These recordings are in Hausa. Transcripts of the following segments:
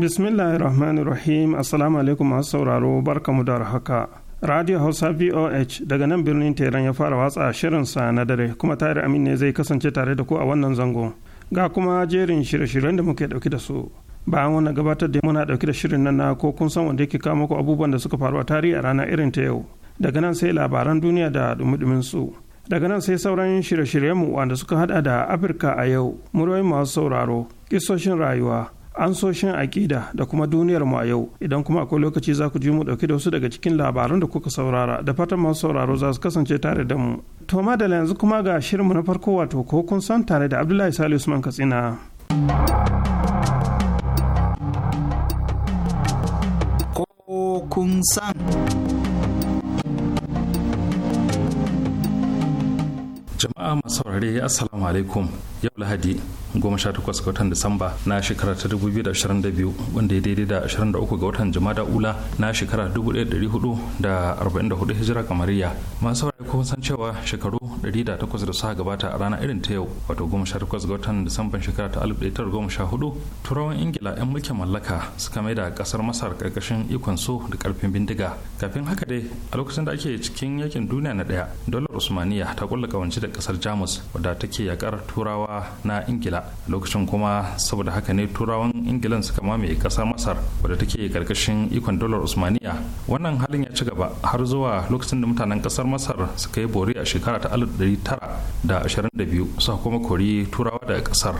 rahim Assalamu alaikum masu sauraro mu da haka. Radio Hausa VOH daga nan birnin Teran ya fara watsa shirinsa na dare kuma tare amin ne zai kasance tare da ku a wannan zango. Ga kuma jerin shirye-shiryen da muke dauki da su. Bayan wannan gabatar da muna dauki da shirin nan na ko kun san wanda yake kawo muku abubuwan da suka faru a tarihi a rana irin ta yau. Daga nan sai labaran duniya da dumudumin su. Daga nan sai sauran shirye shiryen mu wanda suka hada da Afirka a yau, muryoyin masu sauraro, kisoshin rayuwa, an so shin aƙida da kuma duniyar mu a yau idan kuma akwai lokaci za ku ji mu ɗauki da wasu daga cikin labaran da kuka saurara da fatan masu sauraro za su kasance tare da mu. To madala yanzu kuma ga shirinmu na farko wato ko kun san tare da Abdullahi Salisu Usman Katsina. Ko kun san. Jama'a masu saurare Assalamu alaikum. yau lahadi 18 ga watan disamba na shekara ta 2022 wanda ya daidai da 23 ga watan jumada ula na shekara 1444 hijira kamariya masu saurari kuma san cewa shekaru 108 da suka gabata a rana irin ta yau wato 18 ga watan disamban shekara ta 1914 turawan ingila 'yan mulkin mallaka suka mai da kasar masar karkashin ikon so da karfin bindiga kafin haka dai a lokacin da ake cikin yakin duniya na daya dalar usmaniya ta kulla kawance da kasar jamus wadda take yakar turawa turawa na ingila lokacin kuma saboda haka ne turawan ingilan suka mamaye kasar masar wadda take karkashin ikon dolar usmaniya wannan halin ya ci gaba har zuwa lokacin da mutanen kasar masar suka yi bori a shekara ta 1922 suka kuma kori turawa daga kasar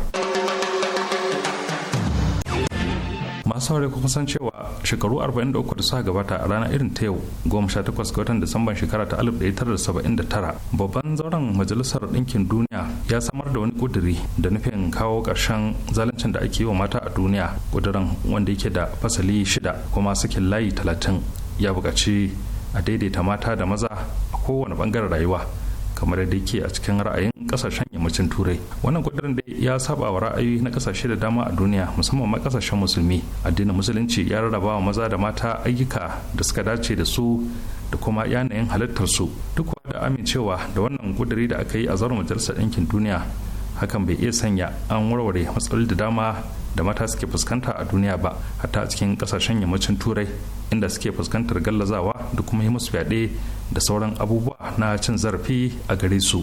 masu haure kuma san cewa shekaru 43 da suka gabata a ranar irin ta yau 18 ga watan disamban shekara ta 1979 babban zauren majalisar ɗinkin duniya ya samar da wani ƙuduri da nufin kawo ƙarshen zaluncin da ake yi wa mata a duniya ƙuduran wanda yake da fasali shida kuma sakin layi 30 ya buƙaci a daidaita mata da maza a kowane ɓangaren rayuwa kamar da ke a cikin ra'ayin kasashen yammacin turai wannan kudirin da ya saba wa ra'ayoyi na kasashe da dama a duniya musamman ma kasashen musulmi addinin musulunci ya rarraba wa maza da mata ayyuka da suka dace da su da kuma yanayin halittar su duk da amincewa da wannan kudiri da aka yi a zaron majalisar ɗinkin duniya hakan bai iya sanya an warware matsaloli da dama da mata suke fuskanta a duniya ba hatta cikin kasashen yammacin turai inda suke fuskantar gallazawa da kuma yi musu fyaɗe da sauran abubuwa na cin zarafi a gare su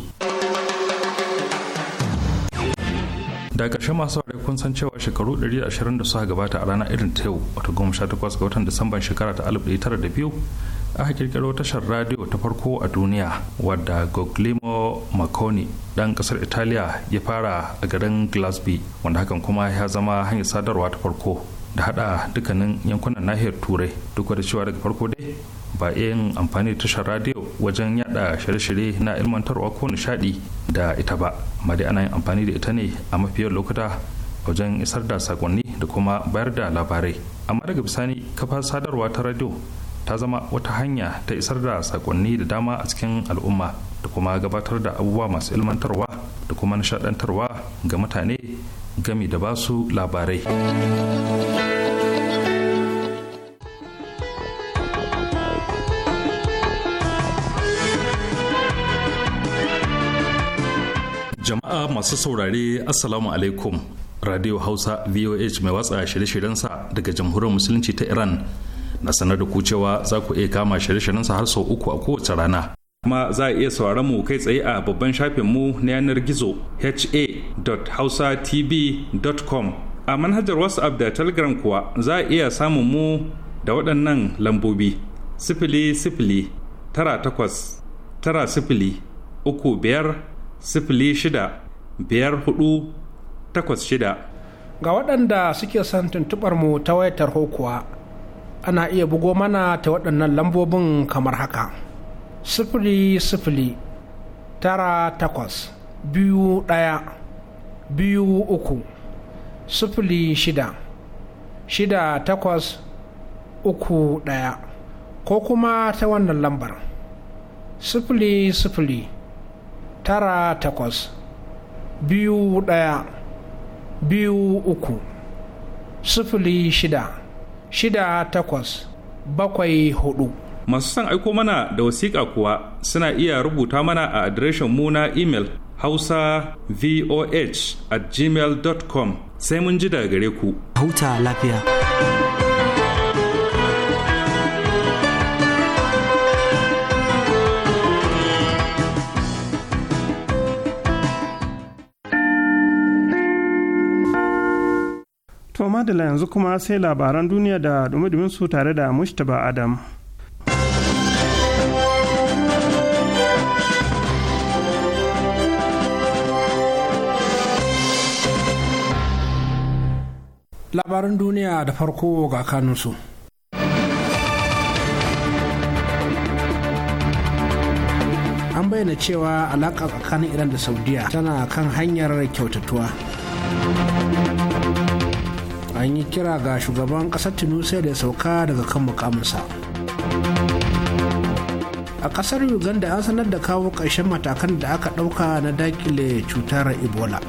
da ƙarshe masu ware kun san cewa shekaru 120 da suka gabata a ranar irin ta yau wata 18 ga watan disamban shekara ta 1902 aka kirkiro tashar radio ta farko a duniya wadda goglimo Marconi dan ƙasar Italiya ya fara a garin Glasgow wanda hakan kuma ya zama hanyar sadarwa ta farko da hada dukkanin yankunan nahiyar turai duk da cewa daga farko dai ba yin amfani da tashar radio wajen yada shirye-shirye na ilmantarwa ko nishadi da ita ba amma dai ana yin amfani da ita ne a mafiyar lokuta wajen isar da sakonni da kuma bayar da labarai amma daga bisani kafar sadarwa ta radio ta zama wata hanya ta isar da sakonni da dama a cikin al'umma da kuma gabatar da abubuwa masu ilmantarwa da kuma nishadantarwa ga mutane gami da basu labarai jama'a masu saurare assalamu alaikum radio hausa voh mai watsa shirye-shiryensa daga jamhuriyar musulunci ta iran na sanar da ku cewa za ku iya kama shirye-shiryensa har sau uku a kowace rana kuma za a iya sauraron mu kai tsaye a babban shafin mu na yanar gizo ha.hausa.tv.com a manhajar whatsapp da telegram kuwa za a iya samun mu da waɗannan lambobi sifili sifili tara takwas tara sifili uku biyar sifili shida biyar hudu takwas shida ga waɗanda suke son tuntuɓar mu ta wayar kuwa ana iya bugo mana ta waɗannan lambobin kamar haka sifili sifili tara takwas biyu ɗaya biyu uku sifili shida shida takwas uku ɗaya ko kuma ta wannan lambar sifili sifili tara takwas biyu ɗaya biyu uku sifili shida shida takwas bakwai hudu masu son aiko mana da wasiƙa kuwa suna iya rubuta mana a adireshin mu na imel hausa voh at gmail.com sai mun ji daga gare ku hauta lafiya To yanzu kuma sai labaran duniya da dumi su tare da Mushtaba Adam. labaran duniya da farko ga kanunsu. an bayyana cewa alaƙa tsakanin iran da saudiya tana kan hanyar kyautatuwa an yi kira ga shugaban ƙasar tunisia da ya sauka daga kan mukaminsa a ƙasar uganda an sanar da kawo ƙarshen matakan da aka ɗauka na dakile cutar ebola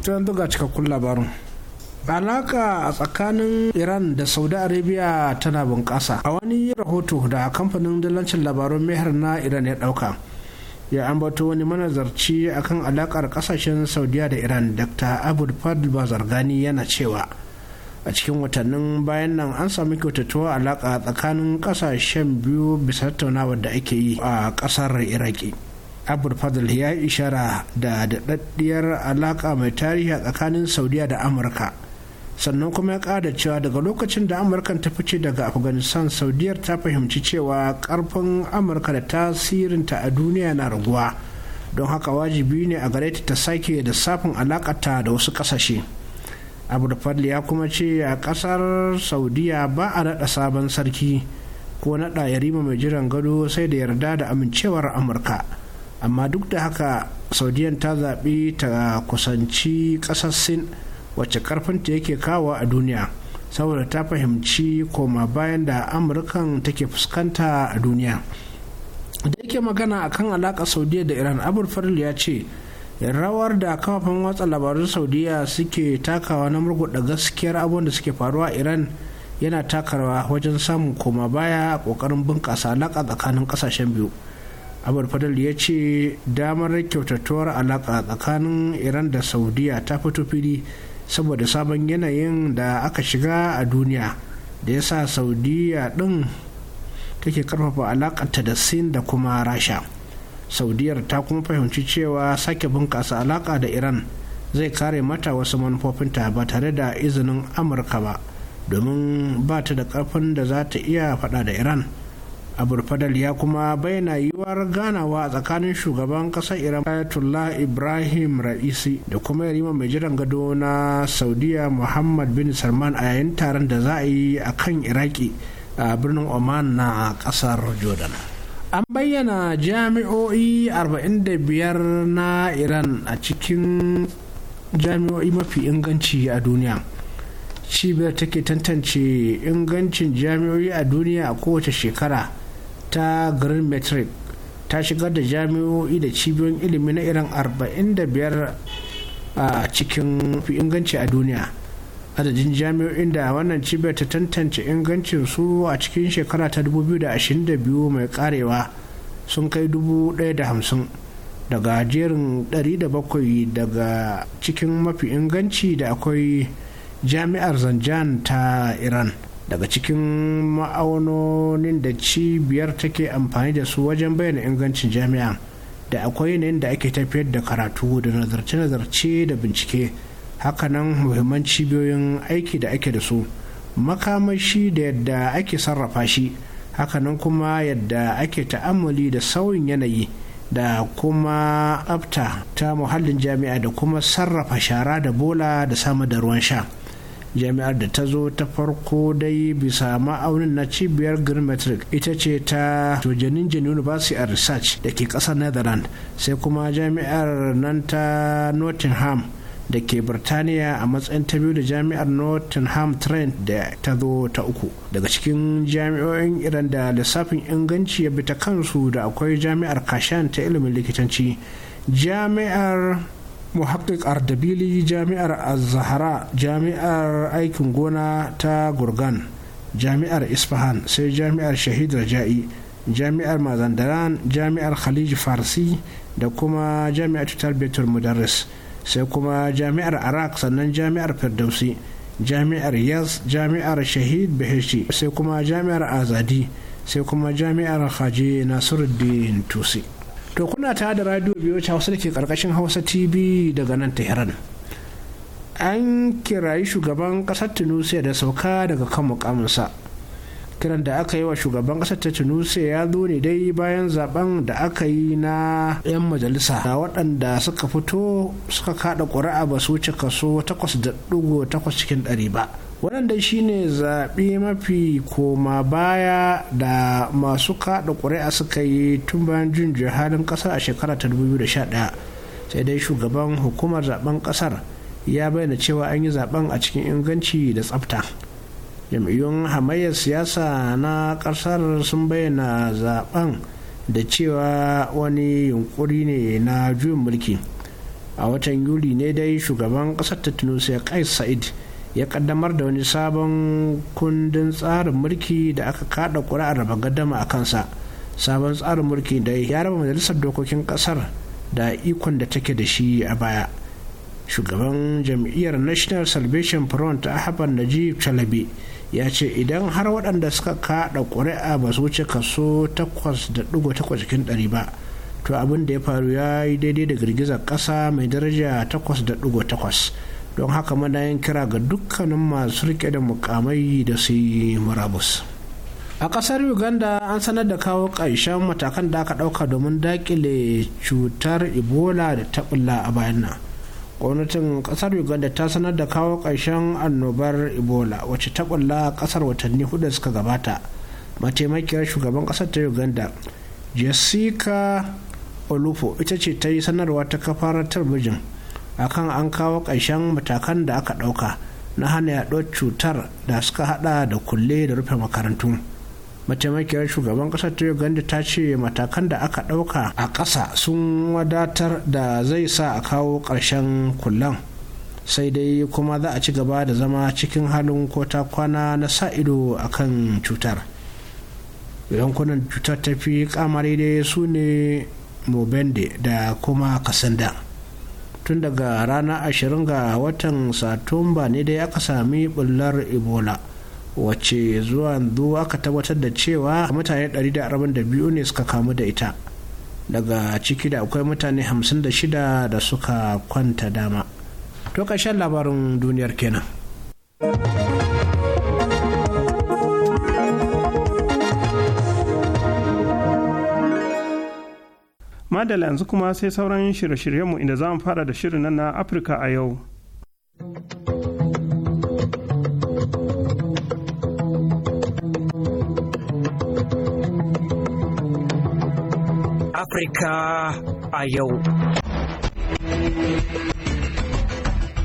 ta yanzu ga cikakkun labarin alaka a tsakanin iran da saudi arabia tana bunƙasa a wani rahoto da kamfanin dalancin labarun mehar na iran ya ɗauka ya ambato wani manazarci akan alakar kasashen saudiya da iran dr abud fadl bazargani yana cewa a cikin watannin bayan nan an sami kyautatuwa alaka tsakanin kasashen biyu bisa tattaunawar da ake yi a kasar iraki abul fadl ya yi ishara da daɗaɗɗiyar alaƙa mai tarihi a tsakanin saudiya da amurka sannan kuma ya ƙada cewa daga lokacin da amurkan ta fice daga afghanistan saudiyar ta fahimci cewa ƙarfin amurka da tasirinta a duniya na raguwa don haka wajibi ne a gare ta sake da safin alaƙata da wasu ƙasashe abul fadl ya kuma ce a ƙasar saudiya ba a naɗa sabon sarki ko naɗa yarima mai jiran gado sai da yarda da amincewar amurka amma duk da haka saudiyan ta zaɓi ta kusanci ƙasar sin wacce ƙarfinta yake kawo a duniya saboda ta fahimci koma bayan da amurkan take fuskanta a duniya da yake magana akan alaƙa saudiya da iran abul ya ce rawar da kafafen watsa labarun saudiya suke takawa na murguɗa gaskiyar abubuwan da suke faruwa a iran yana takarwa wajen samun koma baya a ƙoƙarin bunƙasa alaƙa tsakanin ƙasashen biyu abul fadal ya ce damar kyautatuwar alaƙa tsakanin iran da saudiya ta fito fili saboda sabon yanayin da aka shiga a duniya da ya sa saudiya ɗin take karfafa alaƙarta da sin da kuma rasha saudiyar ta kuma fahimci cewa sake bunƙasa alaƙa da iran zai kare mata wasu manufofinta ba tare da izinin amurka ba domin ba ta da ƙarfin da za ta iya faɗa da iran abulfadal ya kuma bayyana yiwuwar ganawa a tsakanin shugaban ƙasar iran ayatollah ibrahim ra'isi da kuma yarima mai jiran gado na saudiya muhammad bin salman a yayin taron da za a yi a kan iraki a birnin oman na ƙasar jordan an bayyana jami'o'i 45 na iran a cikin jami'o'i mafi inganci a duniya cibiyar take tantance ingancin jami'oi a duniya a kowace shekara ta green metric ta shigar da jami'o'i da cibiyoyin ilimi na iran 45 a cikin fi inganci a duniya adadin jami'o'in da wannan cibiyar ta tantance ingancin su a cikin shekara ta 2022 mai karewa sun kai 1,050 daga jerin 700 daga cikin mafi inganci da akwai jami'ar zanjan ta iran daga cikin ma'aunonin da cibiyar take amfani da su wajen bayyana ingancin jami'a da akwai yanayin da ake tafiyar da karatu da nazarce-nazarce da bincike hakanan muhimman cibiyoyin aiki da ake da su makamashi da yadda ake sarrafa shi hakanan kuma yadda ake ta'amali da sauyin yanayi da kuma tsafta ta muhallin jami'a da kuma sarrafa shara da bola da samar da ruwan sha. jami'ar da ta zo ta farko dai bisa ma'aunin na cibiyar green metric ita ce ta jojanin university a research da ke ƙasar netherland sai kuma jami'ar nan ta nottingham da ke birtaniya a matsayin ta biyu da jami'ar nottingham trent da ta zo ta uku daga cikin jami'o'in iran da lissafin inganci ya bi ta kansu da akwai jami'ar kashan ta ilimin likitanci jami'ar muhakkik ardabili jami'ar azahara jami'ar aikin gona ta gurgan jami'ar isfahan sai jami'ar shahid raja'i jami'ar mazandaran jami'ar khalij farsi da kuma jami'ar tutar mudarris sai kuma jami'ar arak sannan jami'ar firdausi jami'ar yas jami'ar shahid bahishi sai kuma jami'ar azadi sai kuma jami'ar haji nasiruddin tusi to kuna ta da radio biyu hausa da ke karkashin hausa tv daga nan tehran an kirayi shugaban kasar tunisia da sauka daga kan mukaminsa kiran da aka yi wa shugaban ƙasar ta tunisia ya zo ne dai bayan zaben da aka yi na 'yan majalisa da waɗanda suka fito suka kaɗa ƙuri'a ba su wuce kaso 8.8 cikin ɗari ba waɗanda shine zaɓi mafi koma baya da masu kaɗa ƙuri'a suka yi tun bayan jin halin ƙasar a shekara ta 2011 sai dai shugaban hukumar zaben ƙasar ya bayyana cewa an yi zaben a cikin inganci da tsafta jam'iyyun hamayyar siyasa na ƙasar sun bayyana zaben da cewa wani yunkuri ne na juyin mulki a watan yuli ne dai shugaban ƙasar ta tunisia kai sa'id ya kaddamar da wani sabon kundin tsarin mulki da aka kada ƙuri'ar raba gadama a kansa sabon tsarin mulki da ya raba majalisar dokokin kasar da ikon da take da shi a baya shugaban jam'iyyar national salvation front ahmad najib chalabi ya ce idan har waɗanda suka kaɗa ƙuri'a ba su wuce kaso 8.8 cikin ɗari ba to abin da ya faru ya yi daidai da girgizar ƙasa mai daraja 8.8 don haka yin kira ga dukkanin masu rike da mukamai da su yi murabus a ƙasar uganda an sanar da kawo ƙarshen matakan da aka ɗauka domin daƙile cutar ebola da ta ɓulla a bayan nan gwamnatin kasar uganda ta sanar da kawo ƙarshen annobar ebola wacce ta ƙulla ƙasar watanni hudu suka gabata mataimakiyar shugaban ƙasar ta uganda jessica olufo ita ce ta yi sanarwa ta kafar talbijin akan an kawo ƙarshen matakan da aka ɗauka na hana yaɗuwar cutar da suka hada da kulle da rufe makarantu mataimakiyar shugaban kasar ta uganda ta ce matakan da aka ɗauka a ƙasa sun wadatar da zai sa a kawo ƙarshen kullan sai dai kuma za a ci gaba da zama cikin halin ko ta kwana na sa ido a kan cutar yankunan cutar ta fi kamari dai su ne mobende da kuma kasanda tun daga ranar 20 ga watan satumba ne dai aka sami bullar ebola wacce zuwa yanzu aka tabbatar da cewa mutane 142 ne suka kamu da ita daga ciki da akwai mutane 56 da suka kwanta dama to ƙarshen labarin duniyar kenan madala yanzu kuma sai sauran shirye-shiryenmu inda za mu fara da shirin nan na afirka a yau Afirka a yau.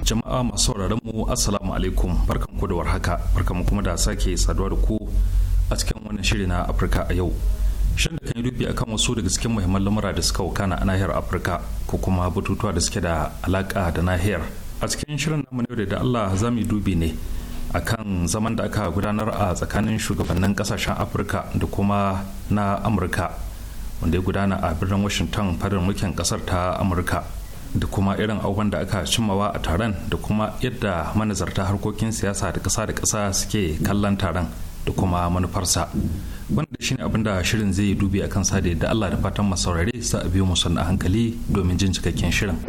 Jama'a masu sauraron mu Assalamu alaikum barkanku da warhaka barkanku kuma da sake saduwa da ku a cikin wannan shiri na Afirka a yau. Shin da kan yi rufi kan wasu daga cikin muhimman lamura da suka wakana a nahiyar Afirka ko kuma batutuwa da suke da alaka da nahiyar. A cikin shirin namu na da Allah za mu yi dubi ne a kan zaman da aka gudanar a tsakanin shugabannin kasashen Afirka da kuma na Amurka wanda ya gudana a birnin washington farin mulkin kasar ta amurka da kuma irin abubuwan da aka cimmawa a taron da kuma yadda manazarta harkokin siyasa da kasa da kasa suke kallon taron da kuma manufarsa wanda shine abin da shirin zai dubi akan sa da yadda allah da fatan saurare su a biyu musu a hankali domin jin cikakken shirin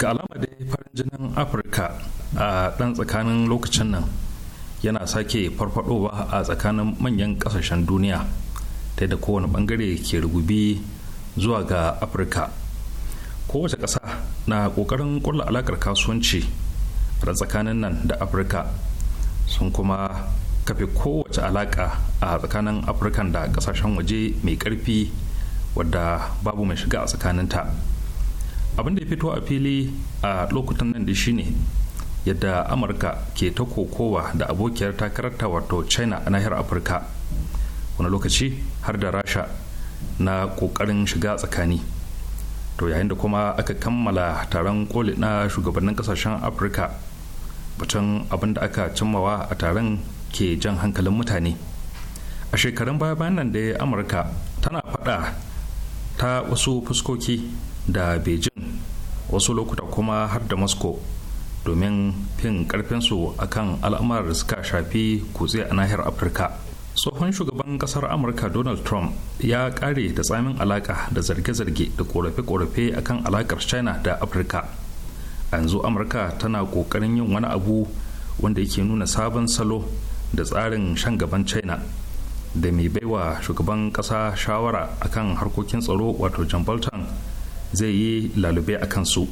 ga alama da farin jinin afirka a ɗan tsakanin lokacin nan yana sake farfadowa a tsakanin manyan kasashen duniya ta da kowane bangare ke rugubi zuwa ga afirka kowace ƙasa na ƙoƙarin ƙulla alaƙar kasuwanci a tsakanin nan da afirka sun kuma kafe kowace alaƙa a tsakanin afirkan da ƙasashen waje mai ƙarfi wadda babu mai shiga a tsakaninta abin da ya fito a fili a lokutan nan da shine yadda amurka ke ta kokowa da abokiyar ta wato china a nahiyar afirka wani lokaci har da rasha na kokarin shiga tsakani to yayin da kuma aka kammala taron koli na shugabannin kasashen afirka batun abin da aka cimmawa a taron ke jan hankalin mutane a shekarun baya bayan nan da amurka tana fada ta wasu fuskoki da beijing wasu lokuta kuma har da moscow domin fin karfinsu akan al'amuran da suka shafi kutse a nahiyar afirka tsohon shugaban kasar amurka donald trump ya kare da tsamin alaka da zarge-zarge da korafe-korafe akan alakar china da afirka yanzu amurka tana kokarin yin wani abu wanda yake nuna sabon salo da tsarin shan gaban china da mai baiwa shugaban kasa shawara akan harkokin tsaro wato john bolton zai yi lalube a kansu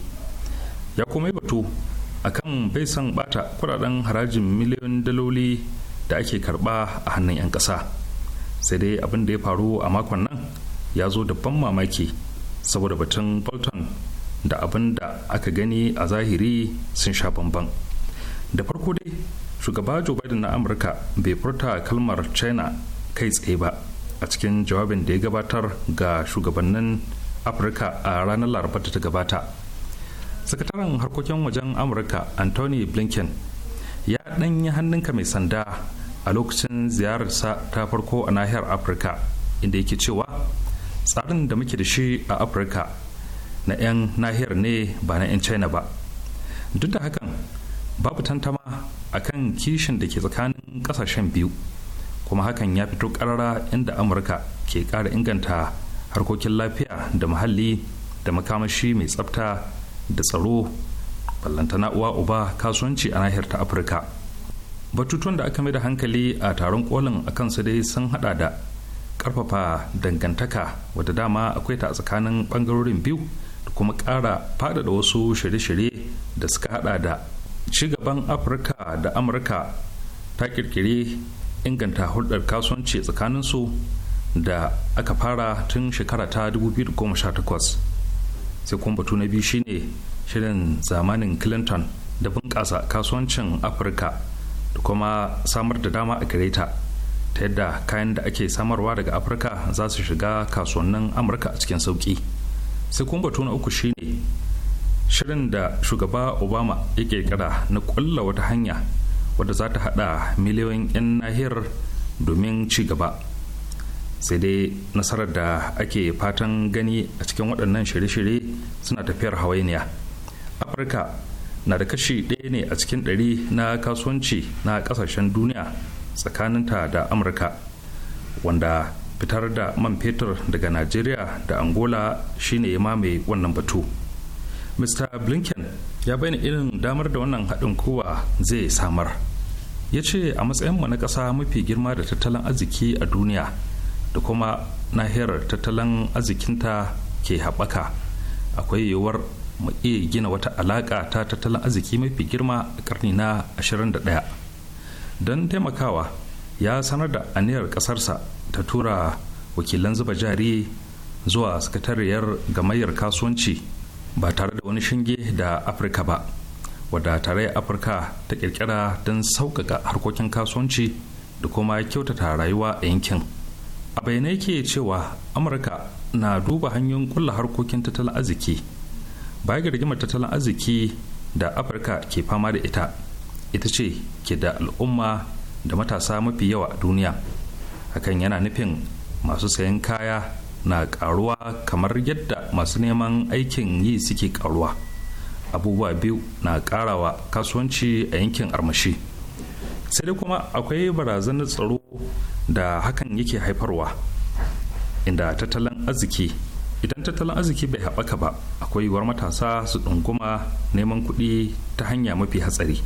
ya kuma yi batu akan bai son bata kudaden harajin miliyon daloli da ake karba a hannun 'yan ƙasa sai dai abin da ya faru a makon nan ya zo da ban mamaki saboda batun bolton da abin da aka gani a zahiri sun sha bamban da farko dai shugaba joe biden na amurka bai furta kalmar china kai tsaye ba a cikin jawabin da ya gabatar ga shugabannin afirka a ranar laraba ta gabata sakataren harkokin wajen amurka anthony blinken ya ɗanyi hannunka mai sanda a lokacin ziyararsa ta farko a nahiyar afirka inda yake cewa tsarin da muke da shi a afirka na 'yan nahiyar ne ba na 'yan china ba duk da hakan babu tantama a kan kishin da ke tsakanin kasashen biyu kuma hakan ya fito karara inda amurka ke kara inganta harkokin lafiya da muhalli da makamashi mai tsafta da tsaro ballanta uwa uba kasuwanci a nahiyar ta afirka batutuwan da aka mai da hankali a taron kolin a su dai sun hada da karfafa dangantaka wadda dama akwai ta a tsakanin bangarorin biyu da kuma kara faɗaɗa wasu shirye-shirye da suka hada da cigaban afirka da amurka ta kirkiri inganta hulɗar kasuwanci tsakanin su da aka fara tun shekara ta 2018 sai kuma batu na biyu shine shirin zamanin clinton da bunƙasa kasuwancin afirka da kuma samar da dama a greta ta yadda kayan da ake samarwa daga afirka za su shiga kasuwannin amurka a cikin sauƙi sai kuma batu na uku shine shirin da shugaba obama ya kirkira na kulla wata hanya wadda za ta hada miliyoyin 'yan nahiyar domin ci gaba sai dai nasarar da ake fatan gani a cikin waɗannan shirye-shirye suna tafiyar hawainiya afirka na da kashi ɗaya ne a cikin ɗari na kasuwanci na ƙasashen duniya tsakaninta da amurka wanda fitar da man fetur daga najeriya da angola shine ya mamaye wannan batu mr blinken ya bayyana irin damar da wannan haɗin kowa zai samar ya ce a matsayinmu na ƙasa mafi girma da tattalin arziki a duniya da kuma nahiyar tattalin arzikinta ke haɓaka akwai yiwuwar mu iya gina wata alaƙa ta tattalin arziki mafi girma a ƙarni na 21 don taimakawa ya sanar da aniyar ƙasarsa ta tura wakilan zuba jari zuwa sakatariyar gamayyar kasuwanci ba tare da wani shinge da afirka ba wadda tarayyar afirka ta kirkira don sauƙaƙa harkokin kasuwanci da kuma kyautata rayuwa a yankin. a bayanai ke cewa amurka na duba hanyoyin kulla harkokin tattalin arziki baya ga rigimar tattalin arziki da afirka ke fama da ita ita ce ke da al'umma da matasa mafi yawa a duniya hakan yana nufin masu sayan kaya na karuwa kamar yadda masu neman aikin yi suke karuwa abubuwa biyu na karawa kasuwanci a yankin armashi sai dai kuma akwai barazanar tsaro da hakan yake haifarwa inda tattalin arziki idan tattalin arziki bai haɓaka ba akwai yiwuwar matasa su ɗunguma neman kuɗi ta hanya mafi hatsari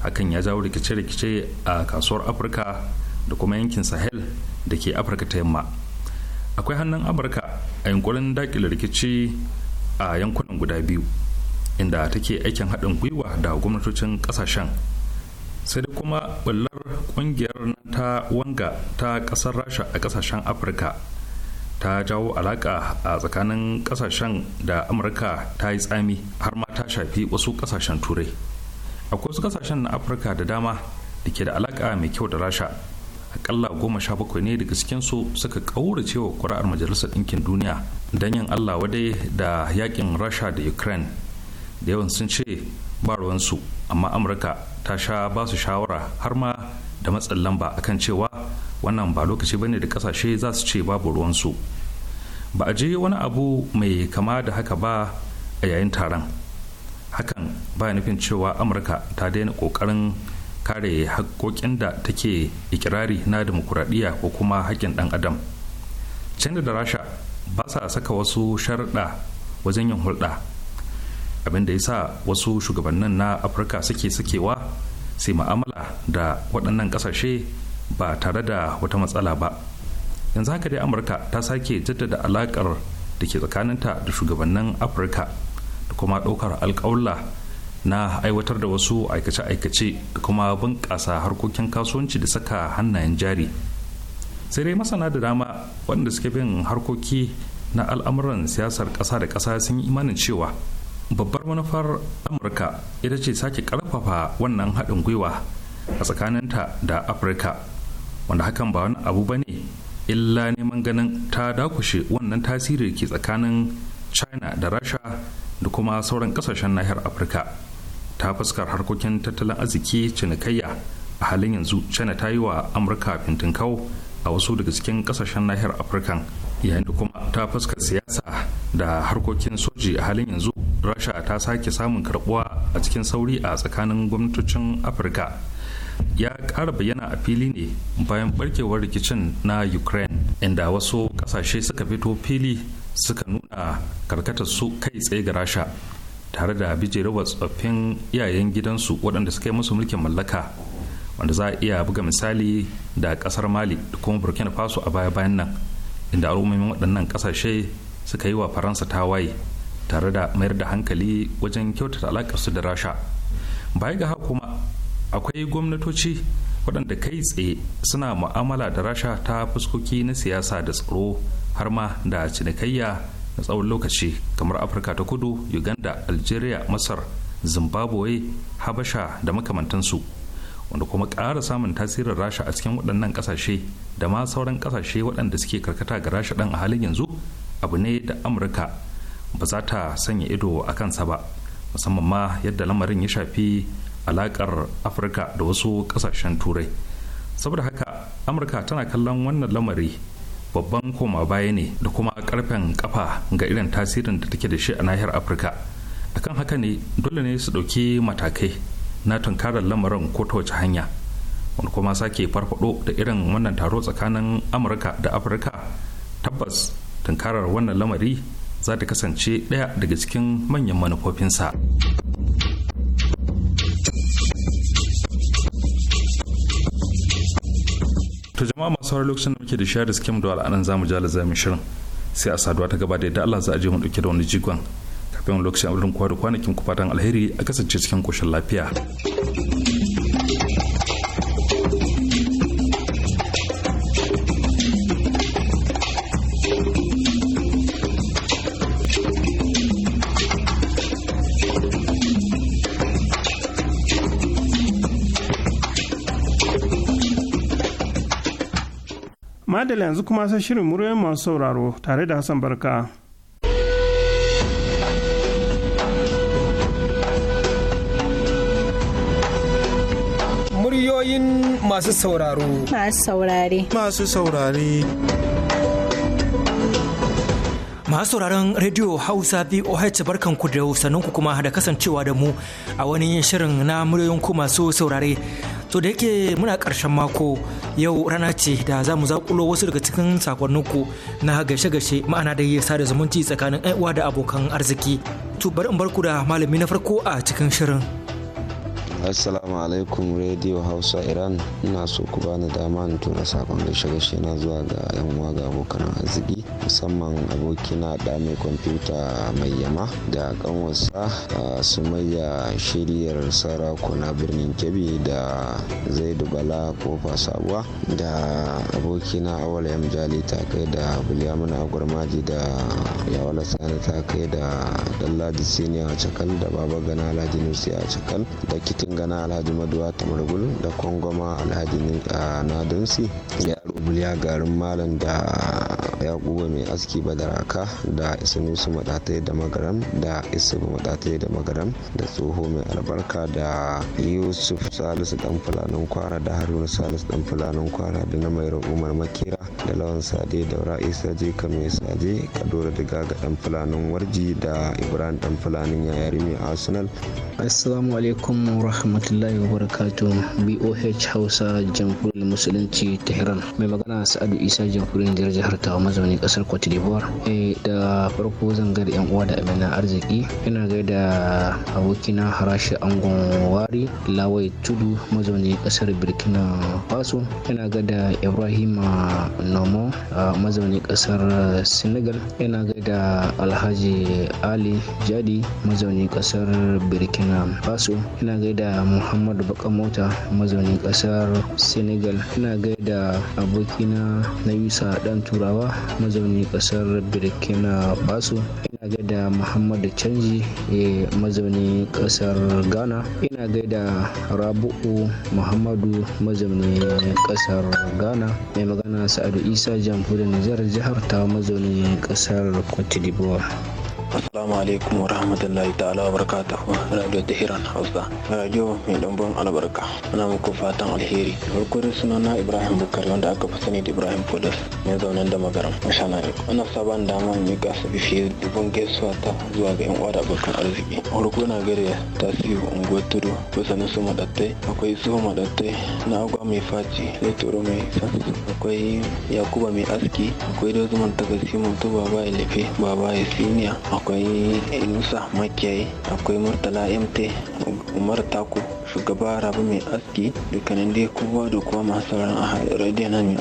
hakan ya jawo rikice-rikice a kasuwar afirka da kuma yankin sahel da ke afirka ta yamma akwai hannun amurka a yankunan dakile rikici a yankunan guda biyu inda take aikin haɗin gwiwa da gwamnatocin ƙasashen sai da kuma kungiyar ta wanga ta ƙasar rasha a ƙasashen afirka ta jawo alaƙa a tsakanin ƙasashen da amurka ta yi tsami har ma ta shafi wasu ƙasashen turai akwai wasu ƙasashen na afirka da dama da ke da alaƙa mai kyau da rasha akalla goma sha bakwai ne daga cikinsu suka kaurace wa kuri'ar majalisar ɗinkin duniya don yin allah wadai da yaƙin rasha da ukraine da yawan sun ce ba ruwansu amma amurka ta sha ba su shawara har ma da matsin lamba akan cewa wannan ba lokaci bane da kasashe za su ce babu ruwansu ba a je wani abu mai kama da haka ba a yayin taron hakan ba nufin cewa amurka ta daina kokarin kare haƙoƙin da take ikirari na demokuraɗiyya ko kuma haƙƙin ɗan adam china da rasha ba sa saka wasu sharɗa wajen yin hulɗa abin da ya sa wasu shugabannin na afirka suke sakewa sai ma'amala da waɗannan ƙasashe ba tare da wata matsala ba yanzu haka dai amurka ta sake jaddada alaƙar da ke tsakaninta da shugabannin afirka da kuma ɗaukar alƙawla na aiwatar da wasu aikace-aikace da kuma bunƙasa harkokin kasuwanci da saka hannayen jari sai dai masana da dama waɗanda suke bin harkoki na al'amuran siyasar ƙasa da ƙasa sun yi imanin cewa babbar manufar amurka ita ce sake karfafa wannan haɗin gwiwa a tsakaninta da afirka wanda hakan ba wani abu ba ne illa neman ganin ta dakushe wannan tasiri ke tsakanin china da rasha da kuma sauran kasashen nahiyar afirka ta fuskar harkokin tattalin arziki cinikayya a halin yanzu china ta yi wa amurka fintinkau a wasu daga cikin kasashen nahiyar afirkan yayin da kuma ta fuskar siyasa da harkokin soji a halin yanzu rasha ta sake samun karbuwa a cikin sauri a tsakanin gwamnatocin afirka ya kara bayyana a fili ne bayan barkewar rikicin na ukraine inda wasu kasashe suka fito fili suka nuna karkatar su kai tsaye ga rasha tare da bijirewa tsoffin iyayen gidansu waɗanda suka yi musu mulkin mallaka wanda za a iya buga misali da ƙasar mali da kuma burkina faso a baya-bayan nan inda al'ummomin waɗannan ƙasashe suka yi wa faransa tawaye tare da mayar da hankali wajen kyautata su da rasha baya ga haka kuma akwai gwamnatoci waɗanda kai tsaye suna mu'amala da rasha ta fuskoki na siyasa da tsaro har ma da cinikayya na tsawon lokaci kamar afirka ta kudu uganda algeria masar zimbabwe habasha da makamantansu wanda kuma ƙara samun tasirin rasha a cikin waɗannan ƙasashe da ma sauran ƙasashe waɗanda suke karkata ga rasha ɗan a halin yanzu abu ne da amurka ba za ta sanya ido a kansa ba musamman ma yadda lamarin ya shafi alaƙar afirka da wasu ƙasashen turai saboda haka amurka tana kallon wannan lamari babban koma baya ne da kuma karfen kafa ga irin tasirin da take da shi a nahiyar afirka akan haka ne dole ne su ɗauki matakai na tunkarar lamarin ko ta wace hanya wani kuma sake farfado da irin wannan taro tsakanin amurka da afirka tabbas tunkarar wannan lamari za ta kasance ɗaya daga cikin manyan manufofinsa to jama'a masu sauraro lokacin da muke da share skim da al'anan zamu jala zamu shirin sai a saduwa ta gaba da yadda Allah za a je mu dauke da wani jigon kafin lokacin lokaci da kwanakin ku fatan alheri a kasance cikin koshin lafiya. Madalla yanzu kuma sai shirin muryoyin masu sauraro tare da Hassan Barka. Ra'ayoyin masu sauraro. Masu saurare. Masu saurare. masu sauraron rediyo hausa voh barkanku da ku kuma da kasancewa da mu a wani shirin na muryoyin ku masu saurare to da yake muna karshen mako yau rana ce da za mu zakulo wasu daga cikin sakonninku na gashe-gashe ma'ana da yi sada zumunci tsakanin uwa da abokan arziki to bari in barku da malami na farko a cikin shirin assalamu alaikum radio hausa iran ina so ku bani dama in tura sakon gaishe gaishe na zuwa ga yan uwa ga abokan arziki musamman abokina da mai kwamfuta mai yama da kanwarsa sumayya shiriyar na birnin kebbi da zaidu bala kofa sabuwa da abokina awal yam jali ta kai da agwar maji da yawala sani ta kai da da siniya a cakal da baba gana ladi a cakal da kitin gana alhaji maduwa ta murgulu da kwangwama alhaji ah, ya yaro bulya garin malam da yakuba mai aski badaraka da isinusu matatai da magaram da isubu matatai da magaram da tsoho mai albarka da yusuf salisu dan fulanin kwara da haruna salisu dan fulanin kwara da na mai umar makera da lawan sade da ra'isa jeka mai sade kadora da gaga dan fulanin warji da ibrahim dan fulanin yayari mai arsenal assalamu alaikum rahmatullahi wa barakatuh boh hausa jamhuriyar musulunci tehran mai magana sa'adu isa jamhuriyar jihar jihar a mazaunin kasar cote d'ivoire eh, da farko zan yan uwa da amina arziki ina gaida abokina harashi angon wari lawai tudu mazaunin kasar Birkina faso ina gaida ibrahima nomo mazaunin kasar senegal ina gaida alhaji ali jadi mazaunin kasar Birkina faso ina gaida muhammadu baka mazaunin mazauni kasar senegal ina gaida abokina na yusa dan turawa mazaunin mazauni kasar Burkina Faso. Ina gaida Muhammadu Canji eh, mazauni kasar Ghana. Ina gaida Rabu'u Muhammadu mazauni kasar Ghana. Mai magana Sa'adu Isa jamhuriyar Nijar jihar ta mazauni kasar Cote d'Ivoire. Assalamu alaikum warahmatullahi rahmatullahi ta'ala wa barakatuhu Radio Tehran Hausa. Radio mai dambon albarka. Ana muku fatan alheri. Farko da suna na Ibrahim Bukari wanda aka fi sani da Ibrahim Podas mai zaunan da magaram. Masha Allah. Ana saban dama mai gasa da dubun gaisuwa ta zuwa ga yan uwa da abokan arziki. Farko na gare tasiri unguwar tudu kusa na su madattai. Akwai su madattai na agwa mai faci sai turo mai san Akwai Yakuba mai aski. Akwai dozuman tagasi mutu ba ya lefe ba ya siniya. akwai musa makiyayi akwai murtala mt umar taku shugaba rabu mai aski dukkanin dai kowa da kowa masu sauran a radiyon na mai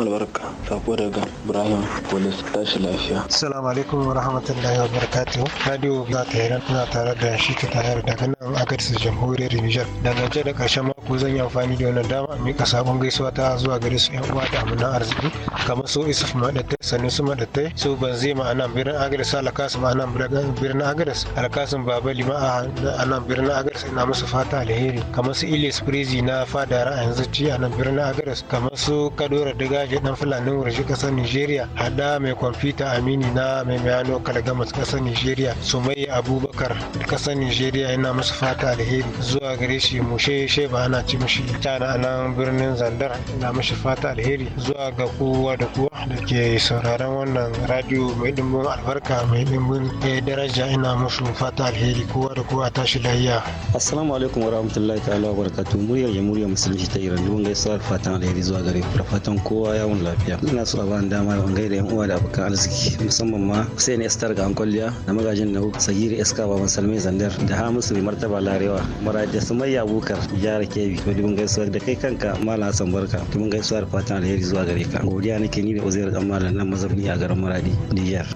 albarka sako daga ibrahim polis tashi lafiya assalamu alaikum wa rahmatullahi wa barakatuhu radio za ta yi tana tare da shi ta tayar daga nan agadis jamhuriyar nijar jiya da karshen mako zan yi amfani da wannan dama mika sabon gaisuwa ta zuwa gare su yan uwa da amina arziki kamar su isuf maɗattai sanusu maɗattai su banzema a nan birnin agadis alakasu ba nan birnin agadas alkasin baba lima a nan birnin agadas ina musu fata alheri kamar su ilis prezi na fada yanzu yanzu. a nan birnin agadas kamar su kadora digaje dan fulani wurin kasar nigeria hada mai kwamfuta amini na mai mayano kalgamas kasar nigeria sumayya abubakar kasar nigeria ina musu fata alheri zuwa gare shi mushe sheba ana ci mishi tana a nan birnin zandar ina mishi fata alheri zuwa ga kowa da kowa da ke sauraron wannan radio mai dimbin albarka mai dimbin mun daraja ina musu fata alheri kowa da kowa tashi lahiya. assalamu alaikum wa warahmatullahi ta'ala wa barakatuh muryar ya jamhuriyar musulunci ta iran duk gaisuwa da fatan alheri zuwa gare ku da fatan kowa yawon lafiya ina so a ba dama ban gaida yan uwa da abokan arziki musamman ma Hussein Estar ga Ankwaliya da magajin na Nau Sagiri Eska Baban Salmai Zandar da ha musu martaba Larewa Maradi Sumayya Bukar Jihar Kebbi to dubin gaisuwa da kai kanka Malam Hassan Barka dubin gaisuwa da fatan alheri zuwa gare ka godiya nake ni da Uzair Kamal nan mazabni a garin Maradi Niger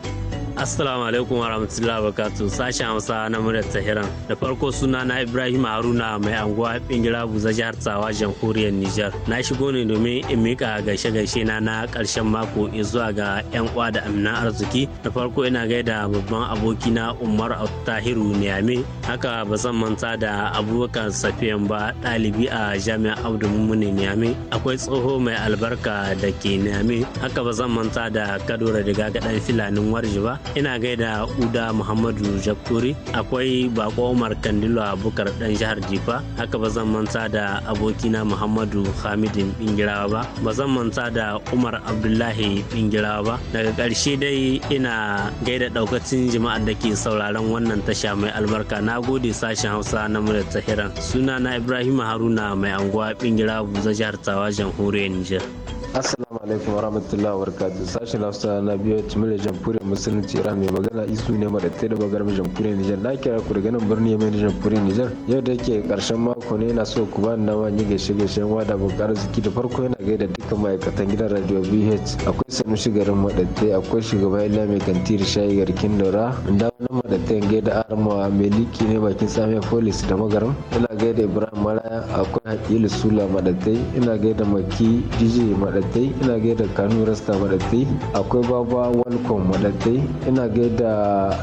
Assalamu alaikum alaikum warahmatullahi wabarakatu sashen Hausa na murar Tahiran. Da farko suna na Ibrahim Haruna mai anguwa bingira buza jihar Tsawa jamhuriyar Nijar. Na shigo ne domin in mika gaishe gaishe na na karshen mako zuwa ga yan uwa da amina arziki. Da farko ina gaida babban aboki na Umar Tahiru Niyame. Haka ba zan manta da Abubakar Safiyan ba dalibi a Jami'ar Abdu Mummuni Niyame. Akwai tsoho mai albarka da ke Niyame. Haka ba zan manta da Kadura Diga Gaɗan Filanin Warji ba. Ina gaida Na'uda uda muhammadu jakuri akwai bako umar kandilo abubakar dan jihar jifa haka ba zan manta da abokina muhammadu hamidin bingirawa ba ba zan manta da umar abdullahi bingirawa ba daga ƙarshe dai ina gaida ɗaukacin jima'a da ke sauraron wannan tasha mai albarka na gode sashen hausa na murar tahiran suna na ibrahim haruna mai anguwa bingirawa buza jihar tawa jamhuriyar niger Assalamu alaikum wa rahmatullah wa barakatu. Sashen Hausa na biyu Timir da Jamhuriyar Musulunci Iran mai magana isu ne mara ta da bagar Jamhuriyar Nijar. Na kira ku daga nan birni mai Jamhuriyar Nijar. Yau da yake karshen mako ne na so ku bani dama yi gaishe gaishe yan wada bukar ziki da farko yana gaida dukkan ma'aikatan gidan Radio BH. Akwai sanu garin madatai akwai shugaba Ila mai kantir shayi garkin Dora. Da wannan gai gaida Arma mai liki ne bakin Samiya Police da Magaram. Ina gaida Ibrahim Maraya, akwai Hakilu Sula Madatte, ina da Maki DJ Madatte. madattai ina gaida kanu rasta madattai akwai baba walcom madattai ina gaida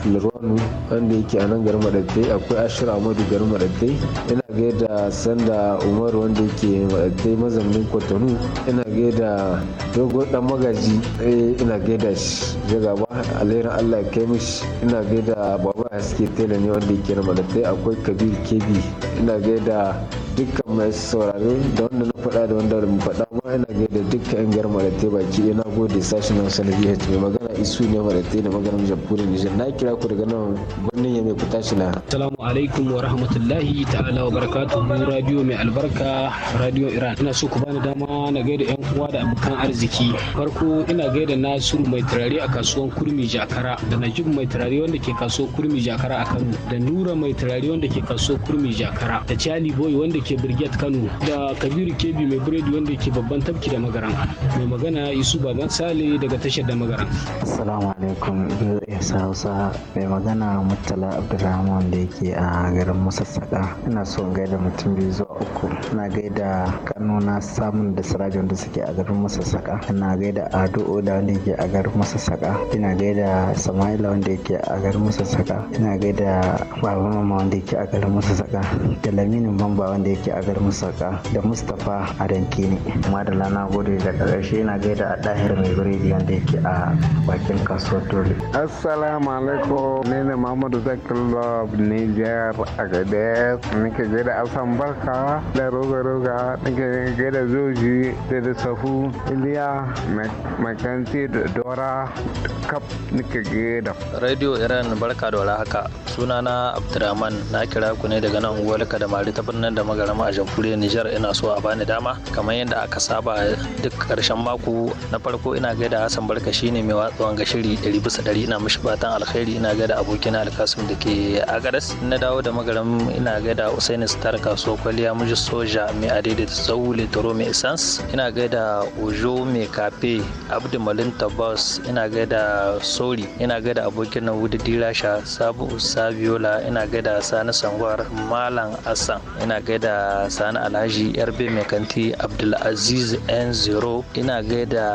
lurwanu wanda yake a nan garin madattai akwai ashir amadu garin madattai ina gaida sanda umaru wanda yake madattai mazaunin kwatano ina gaida dogo dan magaji eh, ina gaida shi jagaba alherin allah ya kai mishi ina gaida baba haske tela ne wanda yake na madattai akwai kabir kebi ina gaida dukkan mai sauraro da wanda na faɗa da wanda mu faɗa ma ina da dukkan yan garma da te baki ina gode sashen nan sanar bh mai magana isu ne mara da maganin jamhuriyar nijar na kira ku daga nan gwanin ya mai kuta shi na. salamu alaikum wa rahmatullahi ta'ala wa barakatuhu radio mai albarka radio iran ina so ku bani dama na gaida yan uwa da abokan arziki farko ina gaida nasiru mai turare a kasuwan kurmi jakara da najib mai turare wanda ke kasuwan kurmi jakara a kano da nura mai turare wanda ke kasuwan kurmi jakara da charlie boy wanda ke Brigade Kano da Kabiru Kebi mai biredi wanda ke babban tafki da magaran. Mai magana Isu Baban Sale daga tashar da magaran. Assalamu alaikum Isa Hausa mai magana Murtala Abdulrahman da yake a garin musassaka Ina so in da mutum biyu zuwa uku ina gaida kanuna samun da sirajin da suke a garin masassaka ina gaida ado da wanda yake a garin masassaka ina gaida sama'ila wanda yake a garin masassaka ina gaida baba mama wanda yake a garin masassaka da laminin bamba wanda yake a garin masassaka da mustapha a rankini kuma da lana gode da karshe ina gaida a dahir mai biredi wanda yake a bakin kasuwar dole assalamu alaikum ne ne muhammadu zakir love niger a gaida nake gaida asan barka da roga-roga daga zoji da da safu iliya da dora kap nika radio iran barka da wala haka sunana abdurrahman na kira ku ne daga nan unguwar mari ta birnin da magarama a jamhuriyar nijar ina so a bani dama kamar yadda aka saba duk karshen mako na farko ina gaida hassan barka shi ne mai watsuwan ga shiri ɗari bisa ɗari ina mishi fatan alkhairi ina da abokina alkasim da ke agadas na dawo da magaram ina gaida usaini star kasuwa kwaliya mujis soja Abuja mai adaidaita sau litoro mai essence ina gaida ojo mai kafe abdu malin tabbas ina gaida sori ina gaida abokin nan wudu dirasha sabu Saviola ina gaida sani sangwar malam asan ina gaida sani alhaji yarbe mai kanti abdulaziz n 0 ina gaida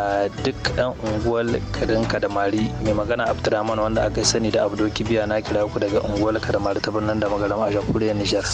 duk ɗan unguwar garin kadamari mai magana abdurrahman wanda aka sani da Abdul kibiya na kira ku daga unguwar kadamari ta birnin da magalama a Jakure Niger.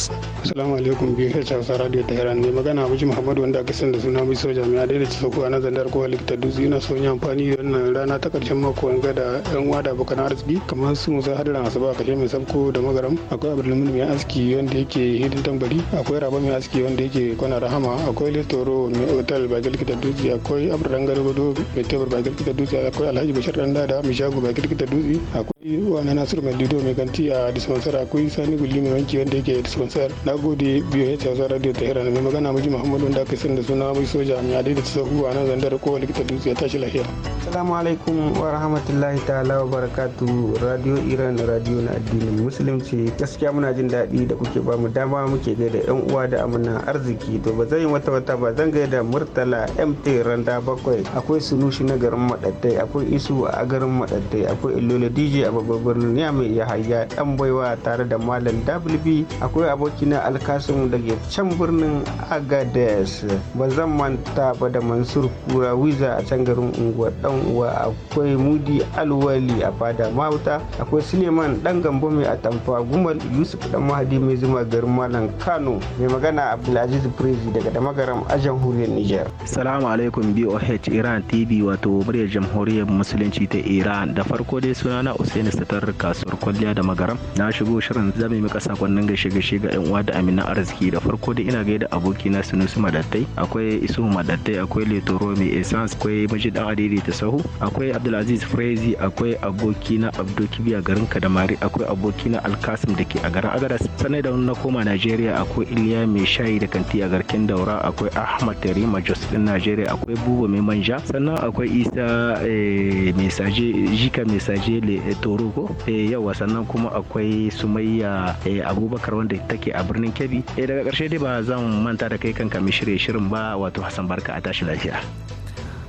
assalamu alaikum biyu hausa radio yara ne magana abuji muhammadu wanda aka sanda suna mai sau jami'a adai da ci sauko a zandar kowa likita dutse yana son yi amfani da wannan rana ta karshen mako wanga da yan wada da arziki kamar su musa hadiran asuba a kashe mai sabko da magaram akwai abdulmin mai aski wanda yake hidin tambari akwai raba mai aski wanda yake kwana rahama akwai litoro mai otal bakin likita dutse akwai abdurran garbado mai tebur bakin likita dutse akwai alhaji bashir dan dada mai shago bakin likita dutse akwai wani nasiru mai lido mai kanti a dispensar akwai sani gulli mai wanki wanda yake dispensar na gode biyu ya ce radio ta Iran mai magana miji Muhammadu da aka sani suna mai soja mai adai da ta sahu a nan zandar kowa likita dutse ya tashi lafiya. salamu alaikum wa rahmatullahi ta'ala wa barakatu radio Iran radio na addinin musulunci gaskiya muna jin daɗi da kuke ba mu dama muke da yan uwa da amana arziki to ba zan yi wata wata ba zan da Murtala MT Randa bakwai akwai Sunushi na garin Madaddai akwai Isu a garin Madaddai akwai Ilola DJ a babban birnin mai ya hayya dan baiwa tare da Malam WB akwai abokina alkasun daga can birnin birnin agadez ba zan manta ba da mansur kura wiza a can garin unguwa dan uwa akwai mudi alwali a fada mauta akwai suleiman dan gambo mai atamfa gumal yusuf dan mahadi mai zuma garin malam kano mai magana abdulaziz prezi daga damagaram a jamhuriyar niger salamu alaikum boh iran tv wato muryar jamhuriyar musulunci ta iran da farko dai sunana usaini satar kasuwar kwalliya da magaram na shigo shirin zame maka sakonnin gashe gashe ga yan uwa da amina arziki da farko dai ina ga. da abokina Sunusu Madattai akwai Isu Madattai akwai Letoro mai Essence akwai Majid Adili ta sahu akwai Abdulaziz Frezi akwai abokina Abdul Kibiya garin Kadamari akwai abokina Alkasim da ke a garin Agadas sannan da na koma Najeriya akwai Iliya mai shayi da kanti a garken Daura akwai Ahmad Tarima Jos din Najeriya akwai Buba mai manja sannan akwai Isa eh, mai saje Jika mai saje eh, Toro ko eh, yawa sannan kuma akwai Sumayya Abubakar wanda take a birnin Kebbi daga karshe dai ba zan manta da kai kanka mai shirye shirin ba wato Hassan Barka a tashi lafiya.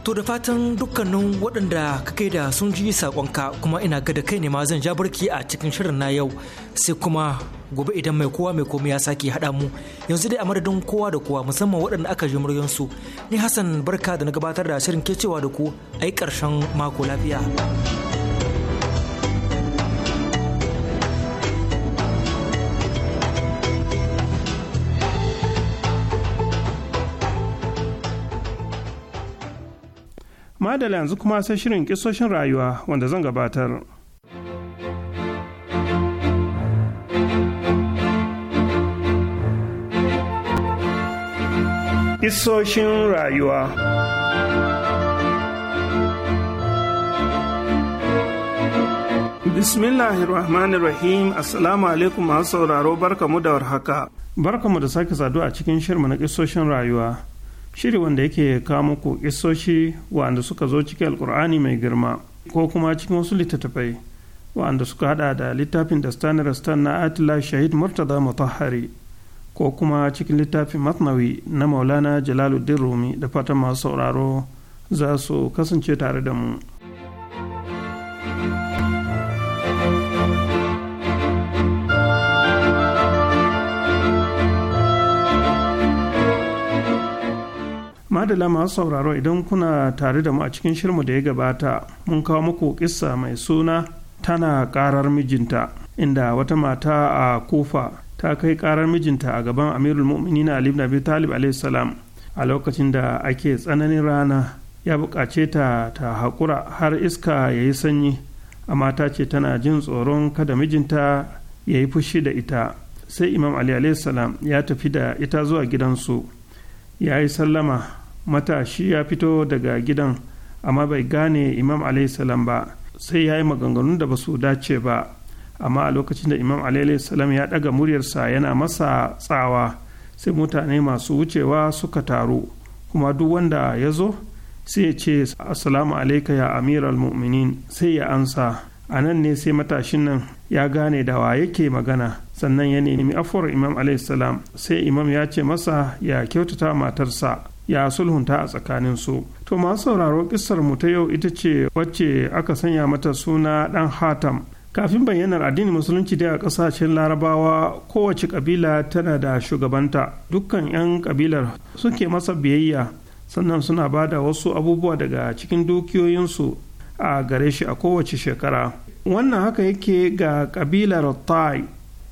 To da fatan dukkanin waɗanda ka kai da sun ji saƙonka kuma ina ga da kai ne ma zan ja barki a cikin shirin na yau sai kuma gobe idan mai kowa mai komai ya sake haɗa mu yanzu dai a madadin kowa da kowa musamman waɗanda aka ji muryansu ni Hassan barka da na gabatar da shirin ke cewa da ku a yi ƙarshen mako lafiya. madala yanzu kuma sai shirin kisoshin rayuwa wanda zan gabatar Kisoshin rayuwa Bismillahirrahmanirrahim Assalamu alaikum masu sauraro barkamu da warhaka barkamu da sake saduwa a cikin shirma na kisoshin rayuwa shiri wanda yake kawo muku isoshi wanda suka zo cikin alkur'ani mai girma ko kuma cikin wasu littattafai wanda suka hada da littafin da stan na atila shahid murtaza mutahari ko kuma cikin littafin matnawi na maulana jalaluddin rumi da fatan masu sauraro za su kasance tare da mu. madala masu sauraro idan kuna tare da mu a cikin shirmu da ya gabata mun kawo muku kissa mai suna tana karar mijinta inda wata mata a kofa ta kai karar mijinta a gaban amirul mu'minin ali ibn abi talib salam a lokacin da ake tsananin rana ya buƙace ta ta haƙura har iska ya yi sanyi amma ta ce tana jin tsoron kada mijinta ya yi fushi da ita sai imam ali salam ya tafi da ita zuwa gidansu ya yi sallama matashi ya fito daga gidan amma bai gane imam salam ba sai ya yi maganganun da ba su dace ba amma a lokacin da imam salam ya ɗaga muryarsa yana masa tsawa sai mutane masu wucewa suka taru kuma duk wanda ya zo sai ya ce assalamu alaika ya amiral mu'minin sai ya ansa a nan ne sai matashin nan ya gane da wa yake magana sannan ya nemi afuwar imam salam sai imam ya ce masa ya kyautata matarsa ya sulhunta a tsakanin su to masu sauraro kissar mu ta yau ita ce wacce aka sanya mata suna dan hatam kafin bayyanar addinin musulunci da a kasashen larabawa kowace ƙabila tana da shugabanta dukkan 'yan kabilar suke masa biyayya sannan suna ba da wasu abubuwa daga cikin dukiyoyinsu a gare shi a kowace shekara wannan haka yake ga kabilar tai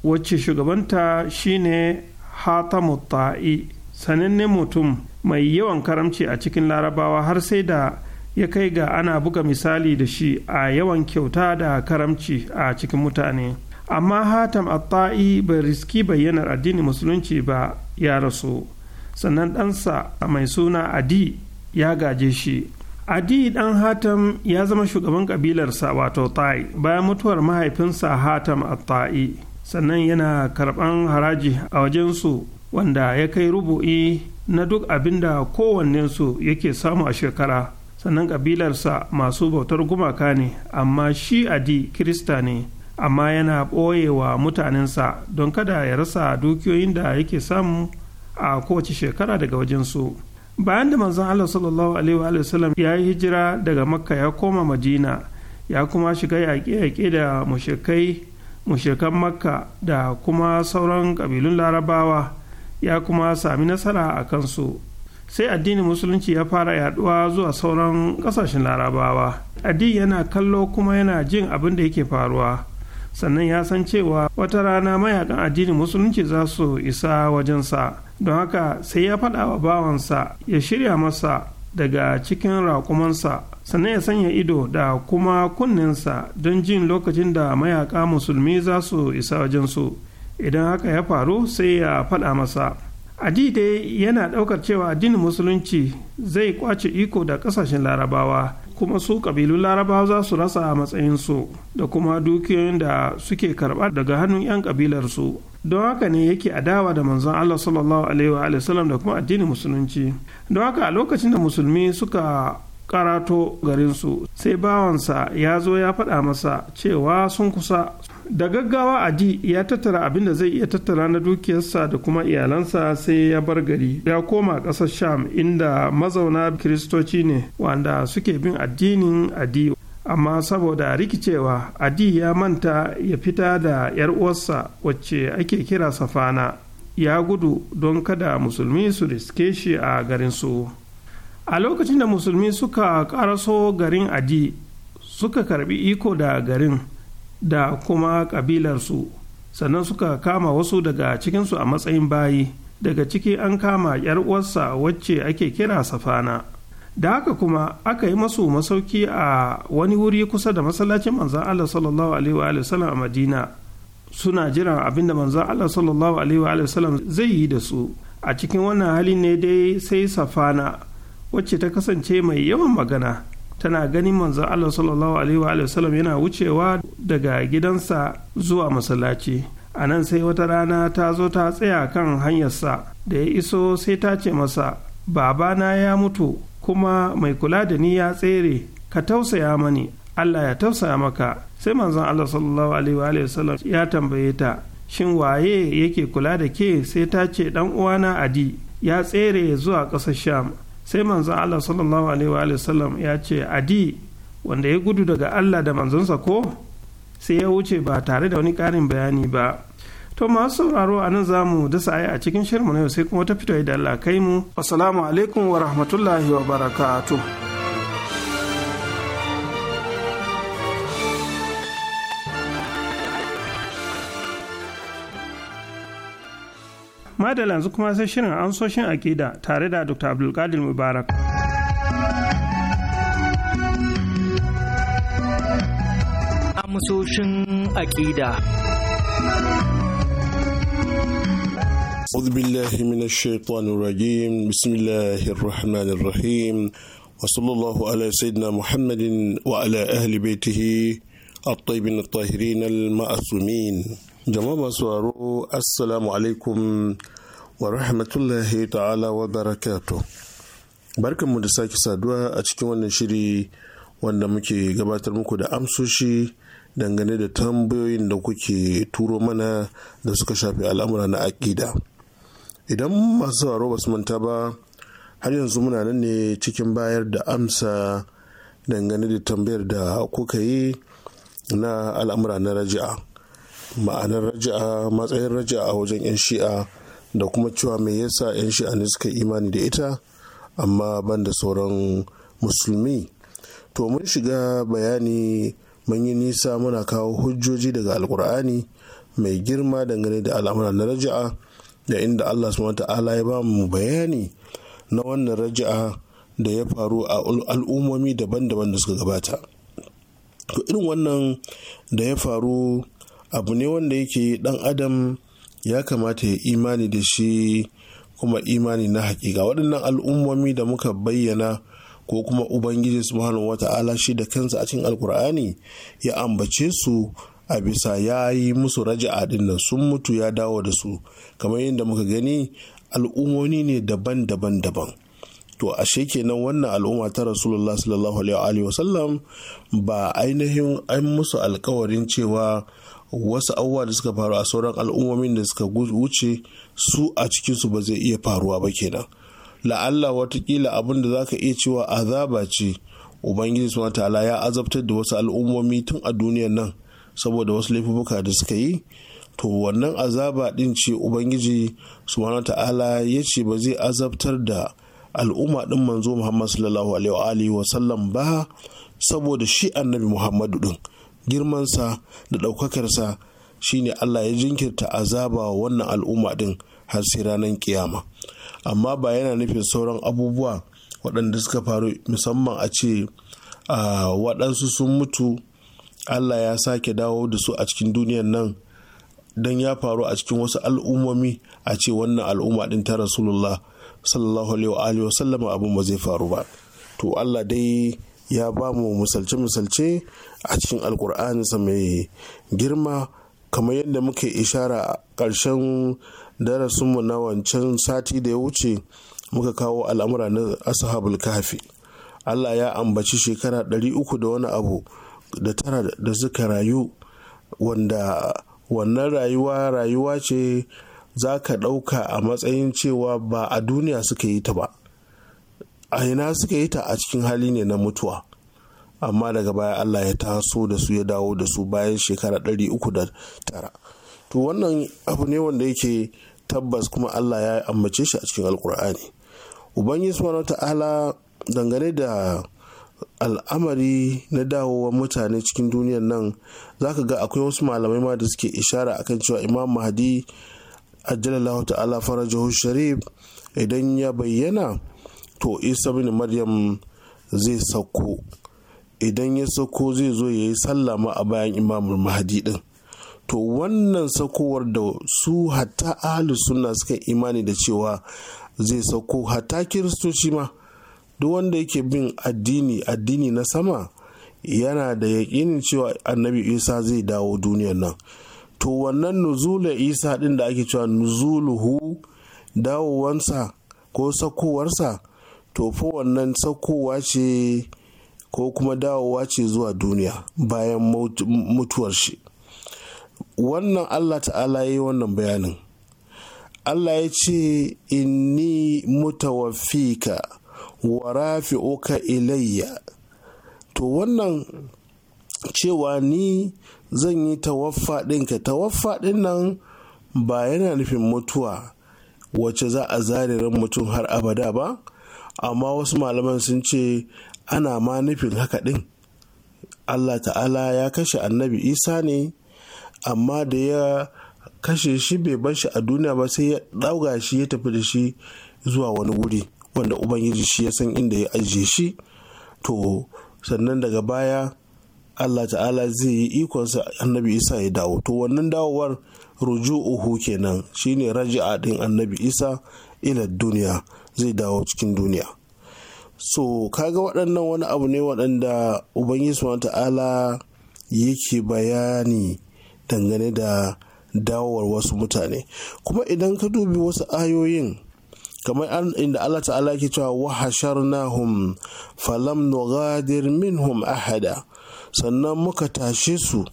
wacce shugabanta shine hatamu ta'i sanannen mutum mai yawan karamci a cikin larabawa har sai da ya kai ga ana buga misali da shi a yawan kyauta da karamci a cikin mutane amma hatam tai bai riski bayyanar addinin musulunci ba ya rasu sannan ɗansa mai suna adi ya gaje shi adi ɗan hatam ya zama shugaban ƙabilarsa wato ta'i bayan mutuwar mahaifinsa hatam tai sannan yana karɓan haraji a wajensu wanda ya kai rubu'i na duk abin da kowannensu yake samu a shekara sannan kabilarsa masu bautar gumaka ne amma shi adi kirista ne amma yana ɓoye mutanensa don kada ya rasa dukiyoyin da yake samu a kowace shekara daga wajensu bayan da manzon allah sallallahu alaihi wa sallam ya yi hijira daga makka ya koma madina ya kuma shiga yaƙe-yaƙe da mushekai mushekan makka da kuma sauran kabilun larabawa ya kuma sami nasara a kansu sai addinin musulunci ya fara yaduwa zuwa sauran kasashen larabawa addini yana kallo kuma yana jin abin da yake faruwa sannan ya san cewa wata rana mayakan addinin musulunci za su isa wajensa don haka sai ya faɗa wa bawansa ya shirya masa daga cikin raƙumansa sannan ya sanya ido da kuma kunninsa don jin lokacin da mayaka musulmi za su isa wajensu idan haka ya faru sai ya faɗa masa adi dai yana ɗaukar cewa addinin musulunci zai kwace iko da ƙasashen larabawa kuma su ƙabilun larabawa za su rasa a matsayinsu da kuma dukiyoyin da suke karɓa daga hannun 'yan ƙabilarsu don haka ne yake adawa da manzon Allah sallallahu alaihi wa sallam da kuma addinin musulunci don haka a lokacin da musulmi suka karato garinsu sai bawansa ya zo ya faɗa masa cewa sun kusa da gaggawa adi ya tattara abin da zai iya tattara na dukiyarsa da kuma iyalansa sai ya bar gari ya koma ƙasar sham inda mazauna kiristoci ne wanda suke bin addinin adi amma saboda rikicewa adi ya manta ya fita da 'yar uwarsa wacce ake kira safana ya gudu don kada musulmi su riske shi a garinsu a lokacin da musulmi suka karaso garin adi suka karbi iko da garin da kuma ƙabilarsu sannan suka kama wasu daga cikinsu a matsayin bayi daga ciki an kama ‘yar uwarsa wacce ake kira safana da haka kuma aka yi masu masauki a wani wuri kusa da masallacin manzan Allah sallallahu alaihi wa sallam a Madina suna jiran abinda da manzan Allah sallallahu alaihi wa sallam zai yi da su a cikin wannan hali ne dai sai safana wacce ta kasance mai yawan magana tana ganin manzon Allah sallallahu alaihi wa sallam yana wucewa daga gidansa zuwa masallaci a nan sai wata rana ta zo ta tsaya kan hanyarsa da ya iso sai ta ce masa babana ya mutu kuma mai kula da ni ya tsere ka tausaya mani Allah ya tausaya maka sai manzon Allah sallallahu alaihi wa sallam ya tambaye ta shin waye yake kula da ke sai ta ce dan uwana adi ya tsere zuwa ƙasar sham sai manzon Allah sallallahu alaihi wa sallam ya ce adi wanda ya gudu daga Allah da manzonsa ko sai ya wuce ba tare da wani ƙarin bayani ba to masu sauraro a nan zamu dasa aya a cikin shirmu na yau sai kuma ta fito da Allah kai mu assalamu alaikum wa rahmatullahi wa barakatuh madalla yanzu kuma sai shirin amsoshin aƙida tare da dr abdulkadir mubarak amsoshin aƙida أعوذ بالله من الشيطان الرجيم بسم الله الرحمن الرحيم وصلى الله على سيدنا محمد وعلى أهل بيته الطيبين الطاهرين المعصومين jama'a masu waro assalamu alaikum wa rahmatullahi ta'ala wa barakatu barkanmu da sake saduwa a cikin wannan shiri wanda muke gabatar muku da amsoshi dangane da tambayoyin da kuke turo mana da suka shafi al'amura na aƙida idan masu waro ba manta ba har yanzu muna nan ne cikin bayar da amsa dangane da tambayar da kuka yi na al'amura na raji'a ma'anar raja'a matsayin raja'a a wajen 'yan shi'a da kuma cewa mai yasa 'yan shi'a ne suka imani da ita amma ban da sauran musulmi to mun shiga bayani mun yi nisa muna kawo hujjoji daga alkur'ani mai girma dangane da al'amura na raja'a da inda allah subhanahu ta'ala ya ba mu bayani na wannan raja'a da ya faru a al'ummomi daban-daban da suka gabata to irin wannan da ya faru abu ne wanda yake dan adam ya kamata ya imani da shi kuma imani na hakika waɗannan al'ummomi da muka bayyana ko kuma ubangiji subhanahu wata'ala shi da kansa a cikin alkur'ani ya ambace su a bisa ya yi musu raja'a dinnan sun mutu ya dawo da su kamar yadda muka gani al'ummomi ne daban-daban daban to ashe kenan wannan al'umma ta rasulullah sallallahu alaihi wasallam ba ainihin an musu alkawarin cewa wasu abubuwa da suka faru a sauran al'ummomin da suka wuce su a cikinsu ba zai iya faruwa ba kenan la'alla watakila abin da ka iya cewa azaba ce ubangiji su ta'ala ya azabtar da wasu al'ummomi tun a duniyar nan saboda wasu laifuka da suka yi to wannan azaba din ce ubangiji su ta'ala ya ce ba zai azabtar da al'umma din manzo muhammad sallallahu alaihi wa sallam ba saboda shi annabi muhammadu din girmansa da ɗaukakarsa shine Allah ya jinkirta azaba wannan al'umma ɗin har sai ranar kiyama amma ba yana nufin sauran abubuwa waɗanda suka faru musamman a ce waɗansu sun mutu Allah ya sake dawo da su a cikin duniyar nan don ya faru a cikin wasu al'ummomi a ce wannan al'umma ɗin ta rasulullah sallallahu alaihi wa sallama abin ba zai faru ba to Allah dai ya ba mu misalce-misalce a cikin alkur'aninsa mai girma kamar yadda muke ishara a ƙarshen darasinmu na wancan sati da ya wuce muka kawo al'amura na ashabul kafi. allah ya ambaci shekara 300 da wani abu da tara da suka rayu wanda wannan rayuwa rayuwa ce za ka ɗauka a matsayin cewa ba a duniya suka yi ta ba a ina suka yi ta a cikin hali ne na mutuwa amma daga baya Allah ya taso da su ya dawo da su bayan shekara ɗari uku da tara to wannan abu ne wanda yake tabbas kuma Allah ya ambace shi a cikin alkur'ani ubangiji subhanahu ta'ala dangane da al'amari na dawowa mutane cikin duniyar nan za ka ga akwai wasu malamai ma da suke ishara akan cewa imam mahdi ajalallahu ta'ala farajahu sharif idan ya bayyana to isa bin maryam zai sauko idan ya sauko zai zo ya yi sallama a bayan imamul mahadi din to wannan sakowar da su hatta ahalus suna suka imani da cewa zai sauko hatta kiristoci ma duk wanda yake bin addini addini na sama yana da yakinin cewa annabi isa zai dawo duniyar nan to wannan nuzula isa din da ake cewa nuzuluhu dawowansa ko sakowarsa to wannan saukowa ce ko kuma dawowa ce zuwa duniya bayan mutuwar shi wannan allah ta'ala ya yi wannan bayanin allah ya ce inni mutawaffika wa rafi'uka ilayya to wannan cewa ni zan yi tawaffa ɗinka tawaffa ɗin nan ba yana nufin mutuwa wacce za a ran mutum har abada ba amma wasu malaman sun ce ana ma nufin haka ɗin allah ta'ala ya kashe annabi isa ne amma da ya kashe shi bai bar shi a duniya ba sai ya ɗauga shi ya tafi da shi zuwa wani guri wanda ubangiji shi ya san inda ya ajiye shi to sannan daga baya allah ta'ala zai yi ikonsa annabi isa ya dawo to wannan dawowar ruju'uhu kenan shine raji'a din annabi isa ila duniya zai dawo cikin duniya so kaga waɗannan wani abu ne waɗanda ubangiji subhanahu ta'ala yake bayani dangane da dawowar wasu mutane kuma idan ka dubi wasu ayoyin kamar inda Allah ta'ala ke cewa wahasharnahum falam nughadir minhum ahada sannan muka tashe su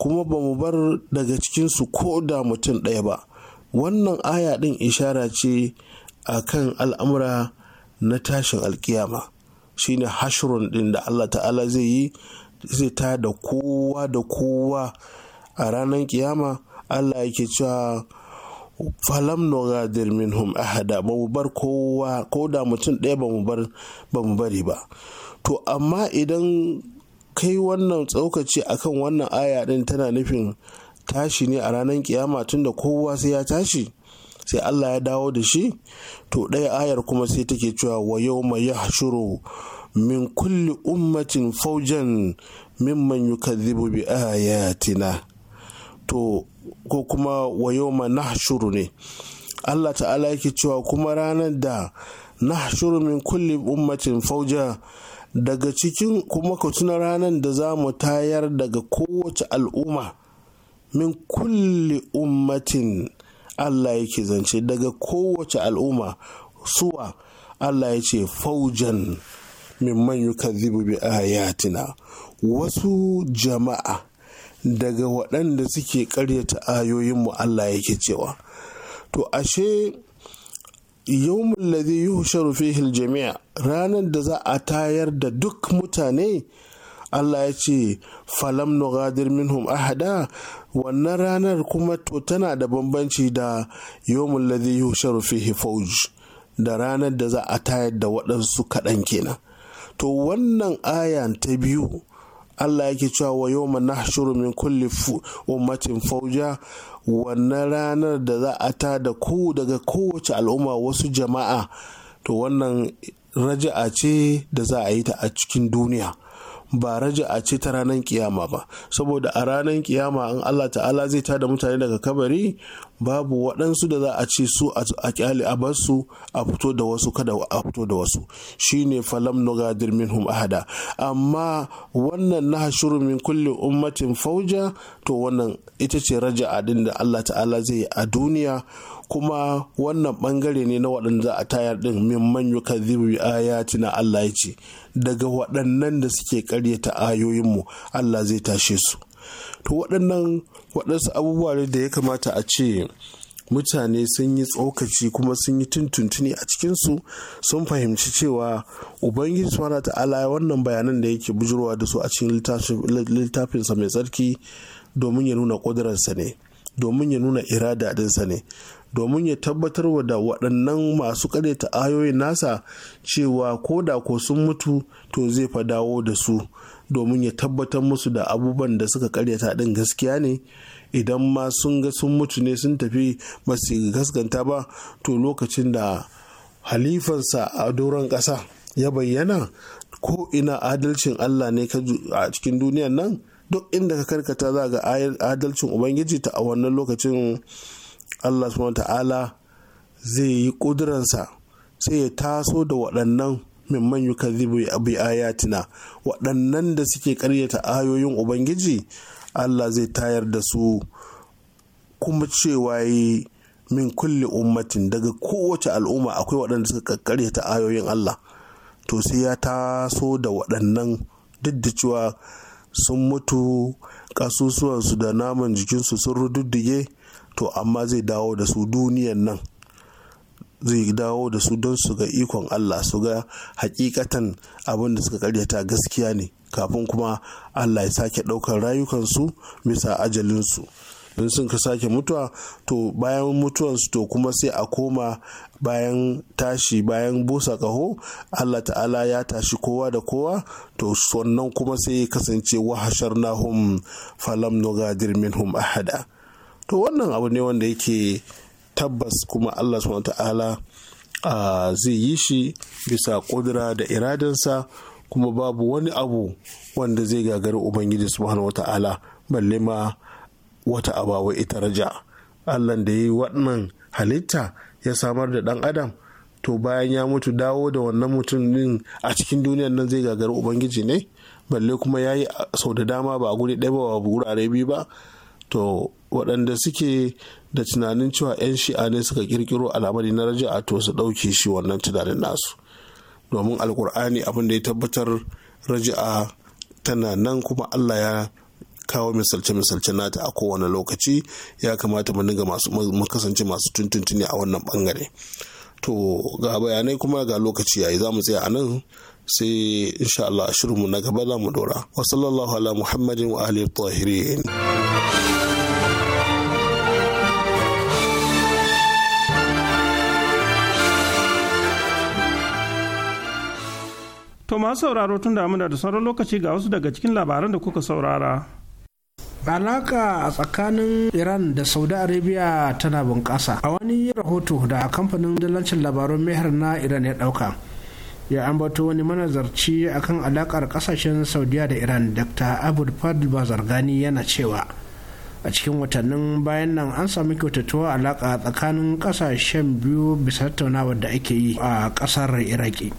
kuma ba mu bar daga cikinsu ko da mutum ɗaya ba wannan aya ɗin ishara ce a kan al'amura na tashin alkiyama shine hashirun ɗin da Allah ta'ala zai yi zai ta da kowa da kowa a ranar kiyama Allah yake cewa falam hum minhum ahada ba mu bar kowa ko da mutum ɗaya ba mu bar ba bari ba to amma idan kai wannan tsaukaci akan wannan aya ɗin tana nufin tashi ne a ranar kiyama tunda kowa sai ya tashi sai Allah ya dawo da shi to ɗaya ayar kuma sai take cewa wa ya shuru? min kulli ummatin faujan mimman yukadhibu bi ayatina to ko kuma wa na shuru ne Allah ta'ala yake cewa kuma ranar da na shuru min kulli ummatin fauja daga cikin kuma ka tuna ranar da za mu tayar daga kowace al'umma min kulli ummatin Allah yake zance daga kowace al'umma suwa Allah ya ce faujan mimman yukazzibu bi ayatina wasu jama'a daga waɗanda suke ƙaryata ayoyinmu Allah yake cewa to ashe yawmul ladhi yuhsharu fihi jami'a ranar da za a tayar da duk mutane Allah ya ce falam nugadir minhum ahada wannan ranar kuma to tana da bambanci da yomul ladhi yusharu fihi fauj da ranar da za a tayar da waɗansu kaɗan kenan to wannan aya ta biyu Allah yake cewa wa yawma nahshuru min kulli ummatin fauja wannan ranar da za a ta da ku daga kowace al'umma wasu jama'a to wannan raja'a ce da za a yi ta a cikin duniya ba a ce ta ranar kiyama ba saboda a ranar kiyama an Allah ta'ala zai tada mutane daga kabari babu waɗansu da za a ce su a kyale a bar su a fito da wasu kada a fito da wasu shine falam nugadirmin humahada ahada amma wannan na hashuru min kulli ummatin fauja to wannan ita ce raja'a din da Allah ta'ala zai yi a duniya kuma wannan bangare ne na waɗanda a tayar din min man yukadhibu bi na Allah ya ce daga waɗannan da suke ƙaryata ayoyinmu Allah zai tashe su to waɗannan waɗansu abubuwa da ya kamata a ce mutane sun yi tsokaci kuma sun yi tuntuntuni a cikinsu sun fahimci cewa ubangiji subhanahu ta'ala wannan bayanan da yake bujurwa da su a cikin littafinsa mai tsarki domin ya nuna ƙudurarsa ne domin ya nuna irada ɗinsa ne domin ya tabbatar wa da waɗannan masu ta ayoyin nasa cewa ko da ko sun mutu to zai fa dawo da su domin ya tabbatar musu da abubuwan da suka karyata ɗin gaskiya ne idan ma sun ga sun mutu ne sun tafi ba su gaskanta ba to lokacin da halifansa a doron ƙasa ya bayyana ko ina adalcin Allah ne a cikin duniyan nan duk inda ka karkata za ga adalcin ubangiji ta a wannan lokacin Allah subhanahu ta'ala zai yi ƙuduransa sai ya taso da waɗannan min mimman yukadhibu bi ayatina waɗannan da suke karyata ayoyin ubangiji Allah zai tayar da su kuma cewa yi min kulle ummatin daga kowace al'umma akwai waɗanda suka ƙaryata ayoyin Allah to sai ya taso da waɗannan duk da cewa sun mutu ƙasusuwansu da naman jikinsu sun rududdige to amma zai dawo da su duniyan nan zai dawo da su don su ga ikon Allah su ga hakikatan abin da suka karyata gaskiya ne kafin kuma Allah ya sake ɗaukar rayukansu bisa ajalinsu don sun ka sake mutuwa to bayan mutuwansu to kuma sai a koma bayan tashi bayan busa kaho Allah ta'ala ya tashi kowa da kowa to wannan kuma sai kasance wahashar nahum falam nugadir minhum ahada to wannan abu ne wanda yake tabbas kuma Allah subhanahu ta'ala zai yi shi bisa kudura da iradansa kuma babu wani abu wanda zai gagari ubangiji subhanahu ta'ala balle ma wata abawa ita raja Allah da ya yi waɗannan halitta ya samar da ɗan adam to bayan ya mutu dawo da wannan mutum din a cikin duniyar nan zai gagari ubangiji ne balle kuma ya yi sau da dama ba a guri ɗaya ba ba wurare biyu ba to waɗanda suke da tunanin cewa 'yan shi'a ne suka kirkiro alamari na raja'a to su ɗauke shi wannan tunanin nasu domin alkur'ani abin da ya tabbatar raja'a tana nan kuma allah ya kawo misalce-misalce nata a kowane lokaci ya kamata mu dinga masu mu kasance masu tuntuntuni a wannan bangare to ga bayanai kuma ga lokaci yayi za mu tsaya a nan sai insha Allah shirinmu na gaba za mu dora wa sallallahu ala muhammadin wa alihi tahirin To masu sauraro tun da da sauran lokaci ga wasu daga cikin labaran da kuka saurara. alaka a tsakanin iran da saudi arabia tana bunƙasa a wani rahoto da kamfanin dalancin labarun mehar na iran ya ɗauka ya ambato wani manazarci akan alakar kasashen saudiya da iran dr abud fadl bazargani yana cewa a cikin watannin bayan nan an sami kyautatuwa alaka tsakanin kasashen biyu bisa tattaunawar da ake yi a ƙasar iraki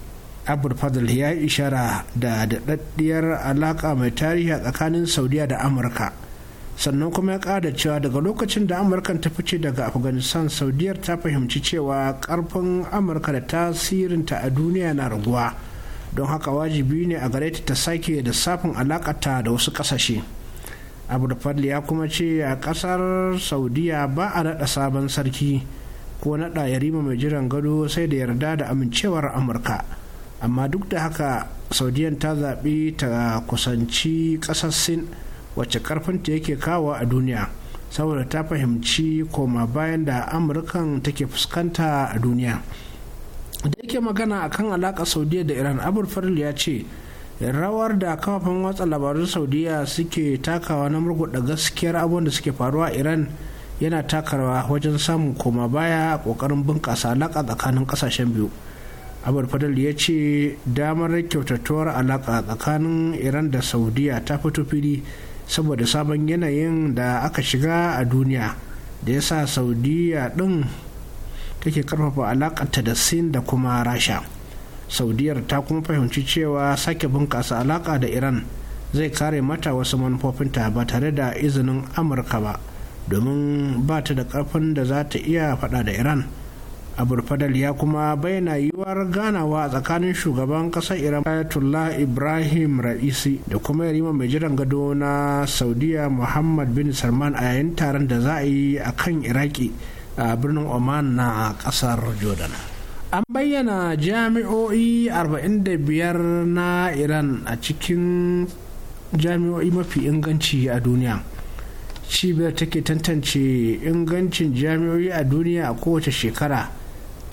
abu fadl ya yi ishara da daɗaɗɗiyar alaƙa mai tarihi a tsakanin saudiya da amurka sannan kuma ya ƙada cewa daga lokacin da amurkan ta fice daga afghanistan saudiyar ta fahimci cewa ƙarfin amurka da tasirinta a duniya na raguwa don haka wajibi ne a gare ta sake da safin alaƙata da wasu ƙasashe abu da ya kuma ce a ƙasar saudiya ba a naɗa sabon sarki ko naɗa yarima mai jiran gado sai da yarda da amincewar amurka amma duk da haka saudiyan ta zaɓi ta kusanci ƙasar sin wacce ƙarfinta yake kawo a duniya saboda ta fahimci koma bayan da amurkan take fuskanta a duniya da yake magana a kan alaƙa saudiya da iran abul ya ce rawar da kafafen watsa labarun saudiya suke takawa na murguɗa gaskiyar abin da suke faruwa a iran yana takarwa wajen samun koma baya a ƙoƙarin bunƙasa alaƙa tsakanin ƙasashen biyu amur fadal ya ce damar kyautatuwar alaka tsakanin iran da saudiya ta fito fili saboda sabon yanayin da aka shiga a duniya da ya sa saudiya din take karfafa alakanta da sin da kuma rasha saudiyar ta kuma fahimci cewa sake bunƙasa alaka da iran zai kare mata wasu manufofinta ba tare da izinin amurka ba domin ba ta da ƙarfin da za ta iya faɗa da iran abulfadal ya kuma bayyana yiwuwar ganawa a tsakanin shugaban ƙasar iran ayatollah ibrahim ra'isi da kuma yarima mai jiran gado na saudiya muhammad bin salman a yayin taron da za a yi a kan iraki a birnin oman na ƙasar jordan an bayyana jami'o'i 45 na iran a cikin jami'o'i mafi inganci a duniya cibiyar take tantance ingancin jami'o'i a duniya a kowace shekara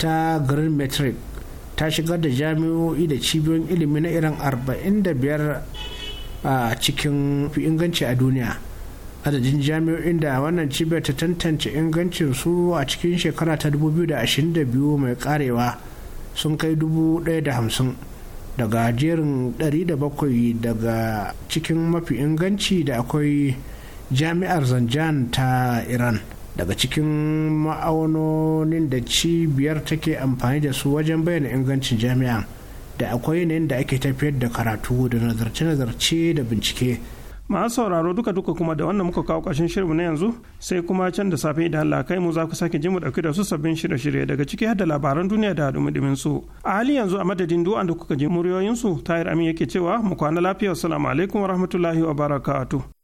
ta green metric ta shigar da jami'o'i da cibiyoyin ilimi na iran 45 a cikin inganci a duniya adadin jami'o'in da wannan cibiyar ta tantance ingancin su a cikin shekara ta 2022 mai karewa sun kai 1,050 daga jerin 700 daga cikin mafi inganci da akwai jami'ar zanjan ta iran daga cikin ma'aunonin da cibiyar take amfani da su wajen bayyana ingancin jami'a da akwai yanayin da ake tafiyar da karatu da nazarce-nazarce da bincike masu sauraro duka duka kuma da wannan muka kawo kashin shirin na yanzu sai kuma can da safe idan Allah kai mu za ku sake ji mu dauki da su sabbin shirye-shirye daga ciki har da labaran duniya da dumudumin su a hali yanzu a madadin du'an da kuka ji muryoyin su tayar amin yake cewa mu kwana lafiya assalamu alaikum wa barakatu.